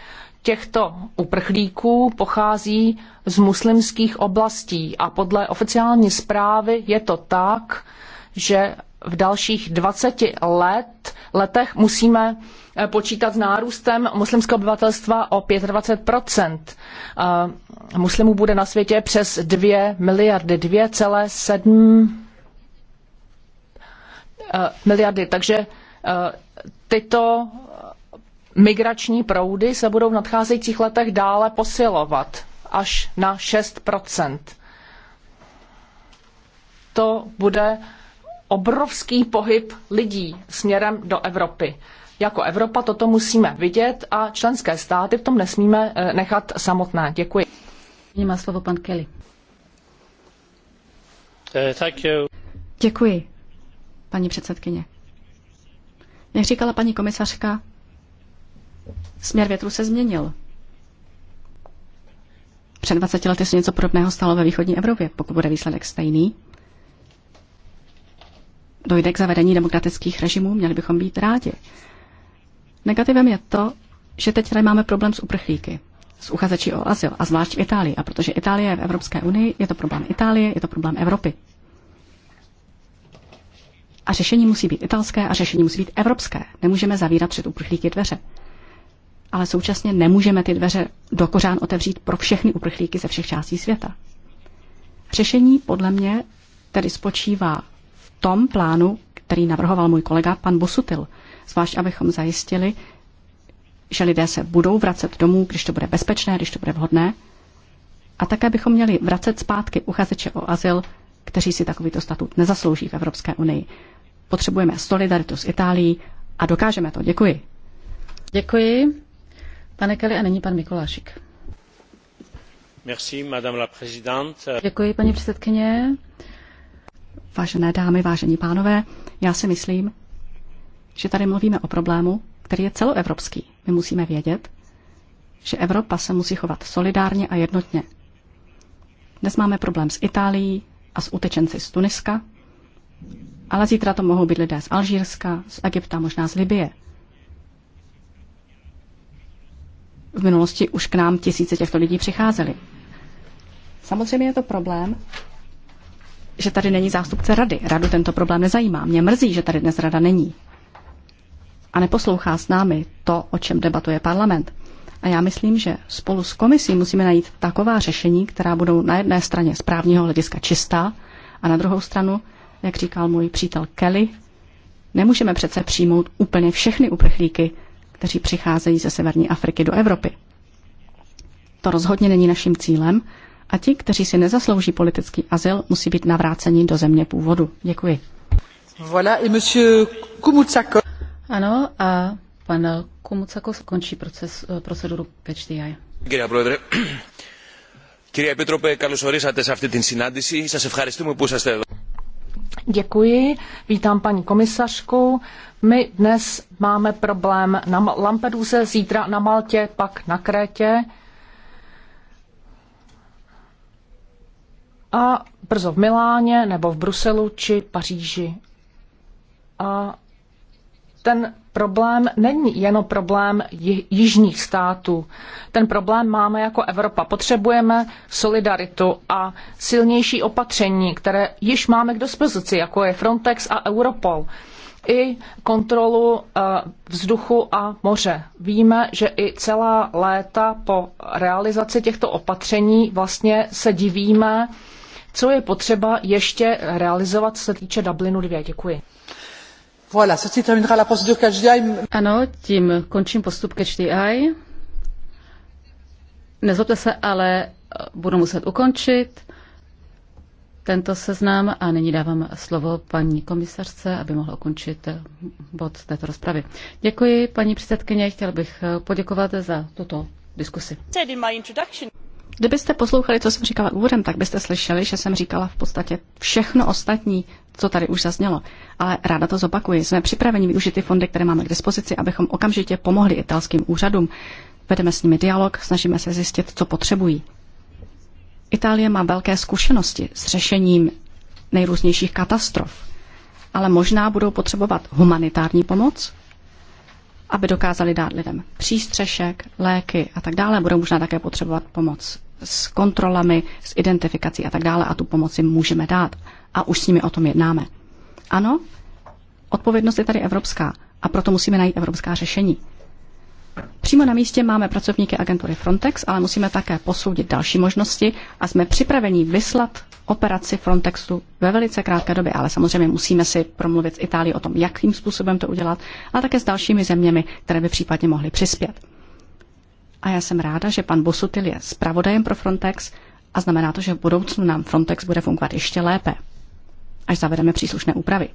těchto uprchlíků pochází z muslimských oblastí a podle oficiální zprávy je to tak, že v dalších 20 let, letech musíme eh, počítat s nárůstem muslimského obyvatelstva o 25 eh, Muslimů bude na světě přes 2 miliardy, 2,7 eh, miliardy. Takže tyto migrační proudy se budou v nadcházejících letech dále posilovat až na 6 To bude obrovský pohyb lidí směrem do Evropy. Jako Evropa toto musíme vidět a členské státy v tom nesmíme eh, nechat samotné. Děkuji. má slovo pan Kelly. Eh, Děkuji, paní předsedkyně. Jak říkala paní komisařka, směr větru se změnil. Před 20 lety se něco podobného stalo ve východní Evropě. Pokud bude výsledek stejný, dojde k zavedení demokratických režimů, měli bychom být rádi. Negativem je to, že teď tady máme problém s uprchlíky, s uchazeči o azyl, a zvlášť v Itálii. A protože Itálie je v Evropské unii, je to problém Itálie, je to problém Evropy. A řešení musí být italské a řešení musí být evropské. Nemůžeme zavírat před uprchlíky dveře. Ale současně nemůžeme ty dveře do kořán otevřít pro všechny uprchlíky ze všech částí světa. Řešení podle mě tedy spočívá tom plánu, který navrhoval můj kolega pan Bosutil. Zvlášť, abychom zajistili, že lidé se budou vracet domů, když to bude bezpečné, když to bude vhodné. A také bychom měli vracet zpátky uchazeče o azyl, kteří si takovýto statut nezaslouží v Evropské unii. Potřebujeme solidaritu s Itálií a dokážeme to. Děkuji. Děkuji. Pane Kelly a není pan Mikolášik. Merci, madame la Děkuji, paní předsedkyně. Vážené dámy, vážení pánové, já si myslím, že tady mluvíme o problému, který je celoevropský. My musíme vědět, že Evropa se musí chovat solidárně a jednotně. Dnes máme problém s Itálií a s utečenci z Tuniska, ale zítra to mohou být lidé z Alžírska, z Egypta, možná z Libie. V minulosti už k nám tisíce těchto lidí přicházeli. Samozřejmě je to problém, že tady není zástupce rady. Radu tento problém nezajímá. Mě mrzí, že tady dnes rada není. A neposlouchá s námi to, o čem debatuje parlament. A já myslím, že spolu s komisí musíme najít taková řešení, která budou na jedné straně z právního hlediska čistá a na druhou stranu, jak říkal můj přítel Kelly, nemůžeme přece přijmout úplně všechny uprchlíky, kteří přicházejí ze severní Afriky do Evropy. To rozhodně není naším cílem a ti, kteří si nezaslouží politický azyl, musí být navráceni do země původu. Děkuji. Voilà, et monsieur Kumutsako. Ano, a pan Kumutsako skončí proces, eh, proceduru PHDI. Kyrie Petrope, κύριε Επίτροπε, καλώς ορίσατε σε αυτή την συνάντηση. Σας ευχαριστούμε που είσαστε εδώ. Děkuji, vítám paní komisařku. My dnes máme problém na Lampeduze, zítra na Maltě, pak na Krétě. a brzo v Miláně nebo v Bruselu či Paříži. A ten problém není jenom problém jižních států. Ten problém máme jako Evropa. Potřebujeme solidaritu a silnější opatření, které již máme k dispozici, jako je Frontex a Europol. I kontrolu eh, vzduchu a moře. Víme, že i celá léta po realizaci těchto opatření vlastně se divíme, co je potřeba ještě realizovat, co se týče Dublinu 2. Děkuji. Voilà, se terminera la procedure HDI. Ano, tím končím postup ke HDI. Nezlobte se, ale eh, budu muset ukončit tento seznam a nyní dávám slovo paní komisařce, aby mohla ukončit eh, bod této rozpravy. Děkuji, paní předsedkyně, chtěla bych eh, poděkovat za tuto diskusi. Kdybyste poslouchali, co jsem říkala úvodem, tak byste slyšeli, že jsem říkala v podstatě všechno ostatní, co tady už zaznělo. Ale ráda to zopakuji. Jsme připraveni využít ty fondy, které máme k dispozici, abychom okamžitě pomohli italským úřadům. Vedeme s nimi dialog, snažíme se zjistit, co potřebují. Itálie má velké zkušenosti s řešením nejrůznějších katastrof, ale možná budou potřebovat humanitární pomoc, aby dokázali dát lidem přístřešek, léky a tak dále, budou možná také potřebovat pomoc s kontrolami, s identifikací a tak dále a tu pomoci můžeme dát. A už s nimi o tom jednáme. Ano, odpovědnost je tady evropská a proto musíme najít evropská řešení. Přímo na místě máme pracovníky agentury Frontex, ale musíme také posoudit další možnosti a jsme připraveni vyslat operaci Frontexu ve velice krátké době, ale samozřejmě musíme si promluvit s Itálií o tom, jakým způsobem to udělat, a také s dalšími zeměmi, které by případně mohly přispět. A já jsem ráda, že pan Bosutil je zpravodajem pro Frontex a znamená to, že v budoucnu nám Frontex bude fungovat ještě lépe, až zavedeme příslušné úpravy.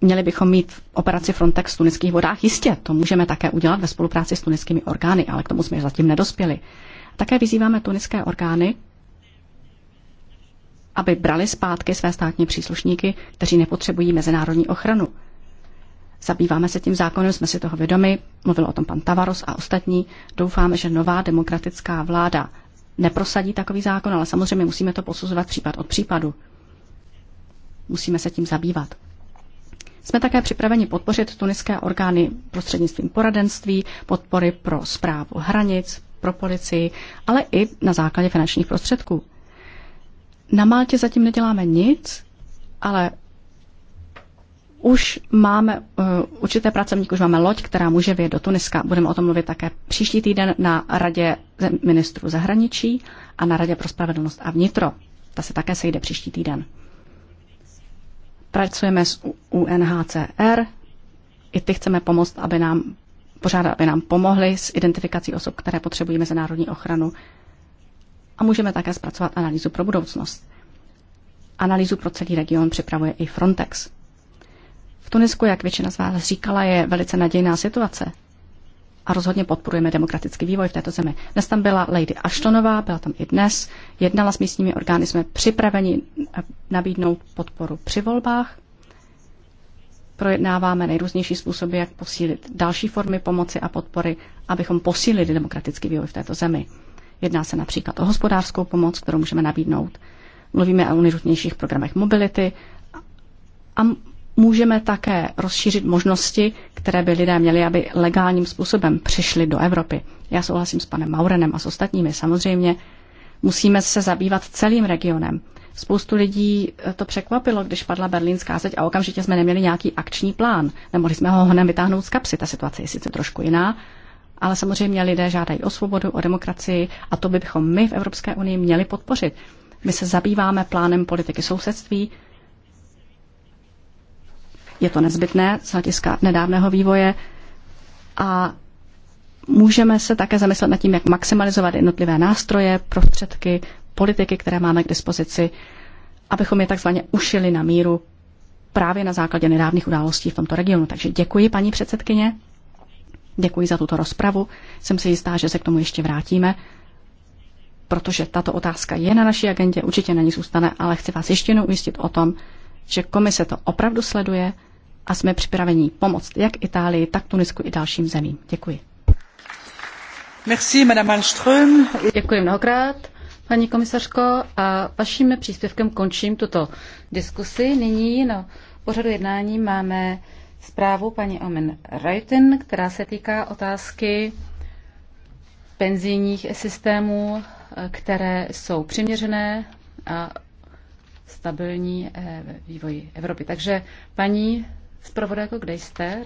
Měli bychom mít v operaci Frontex v tunických vodách, jistě, to můžeme také udělat ve spolupráci s tunickými orgány, ale k tomu jsme zatím nedospěli. Také vyzýváme tuniské orgány, aby brali zpátky své státní příslušníky, kteří nepotřebují mezinárodní ochranu. Zabýváme se tím zákonem, jsme si toho vědomi, mluvil o tom pan Tavaros a ostatní. Doufáme, že nová demokratická vláda neprosadí takový zákon, ale samozřejmě musíme to posuzovat případ od případu. Musíme se tím zabývat. Jsme také připraveni podpořit tuniské orgány prostřednictvím poradenství, podpory pro zprávu hranic, pro policii, ale i na základě finančních prostředků. Na Maltě zatím neděláme nic, ale už máme uh, určité pracovníky, už máme loď, která může vyjet do Tuniska. Budeme o tom mluvit také příští týden na Radě ministrů zahraničí a na Radě pro spravedlnost a vnitro. Ta se také sejde příští týden. Pracujeme s UNHCR. I ty chceme pomoct, aby nám pořádat, aby nám pomohli s identifikací osob, které potřebují mezinárodní ochranu. A můžeme také zpracovat analýzu pro budoucnost. Analýzu pro celý region připravuje i Frontex. Tunisku, jak většina z vás říkala, je velice nadějná situace a rozhodně podporujeme demokratický vývoj v této zemi. Dnes tam byla Lady Ashtonová, byla tam i dnes, jednala s místními orgány, jsme připraveni nabídnout podporu při volbách. Projednáváme nejrůznější způsoby, jak posílit další formy pomoci a podpory, abychom posílili demokratický vývoj v této zemi. Jedná se například o hospodářskou pomoc, kterou můžeme nabídnout. Mluvíme o nejrůznějších programech mobility a můžeme také rozšířit možnosti, které by lidé měli, aby legálním způsobem přišli do Evropy. Já souhlasím s panem Maurenem a s ostatními. Samozřejmě musíme se zabývat celým regionem. Spoustu lidí eh, to překvapilo, když padla berlínská zeď a okamžitě jsme neměli nějaký akční plán. Nemohli jsme ho hned vytáhnout z kapsy. Ta situace je sice trošku jiná, ale samozřejmě lidé žádají o svobodu, o demokracii a to bychom my v Evropské unii měli podpořit. My se zabýváme plánem politiky sousedství, je to nezbytné z hlediska nedávného vývoje a můžeme se také zamyslet nad tím, jak maximalizovat jednotlivé nástroje, prostředky, politiky, které máme k dispozici, abychom je takzvaně ušili na míru právě na základě nedávných událostí v tomto regionu. Takže děkuji, paní předsedkyně, děkuji za tuto rozpravu. Jsem si jistá, že se k tomu ještě vrátíme, protože tato otázka je na naší agendě, určitě na ní zůstane, ale chci vás ještě jednou ujistit o tom, že komise to opravdu sleduje a jsme připraveni pomoct jak Itálii, tak Tunisku i dalším zemím. Děkuji. Merci, Malmström. Děkuji mnohokrát, paní komisařko, a vaším příspěvkem končím tuto diskusi. Nyní na pořadu jednání máme zprávu paní Omen Reuten, která se týká otázky penzijních systémů, které jsou přiměřené a stabilní eh, vývoji Evropy. Takže paní Zpravodajko, kde jste?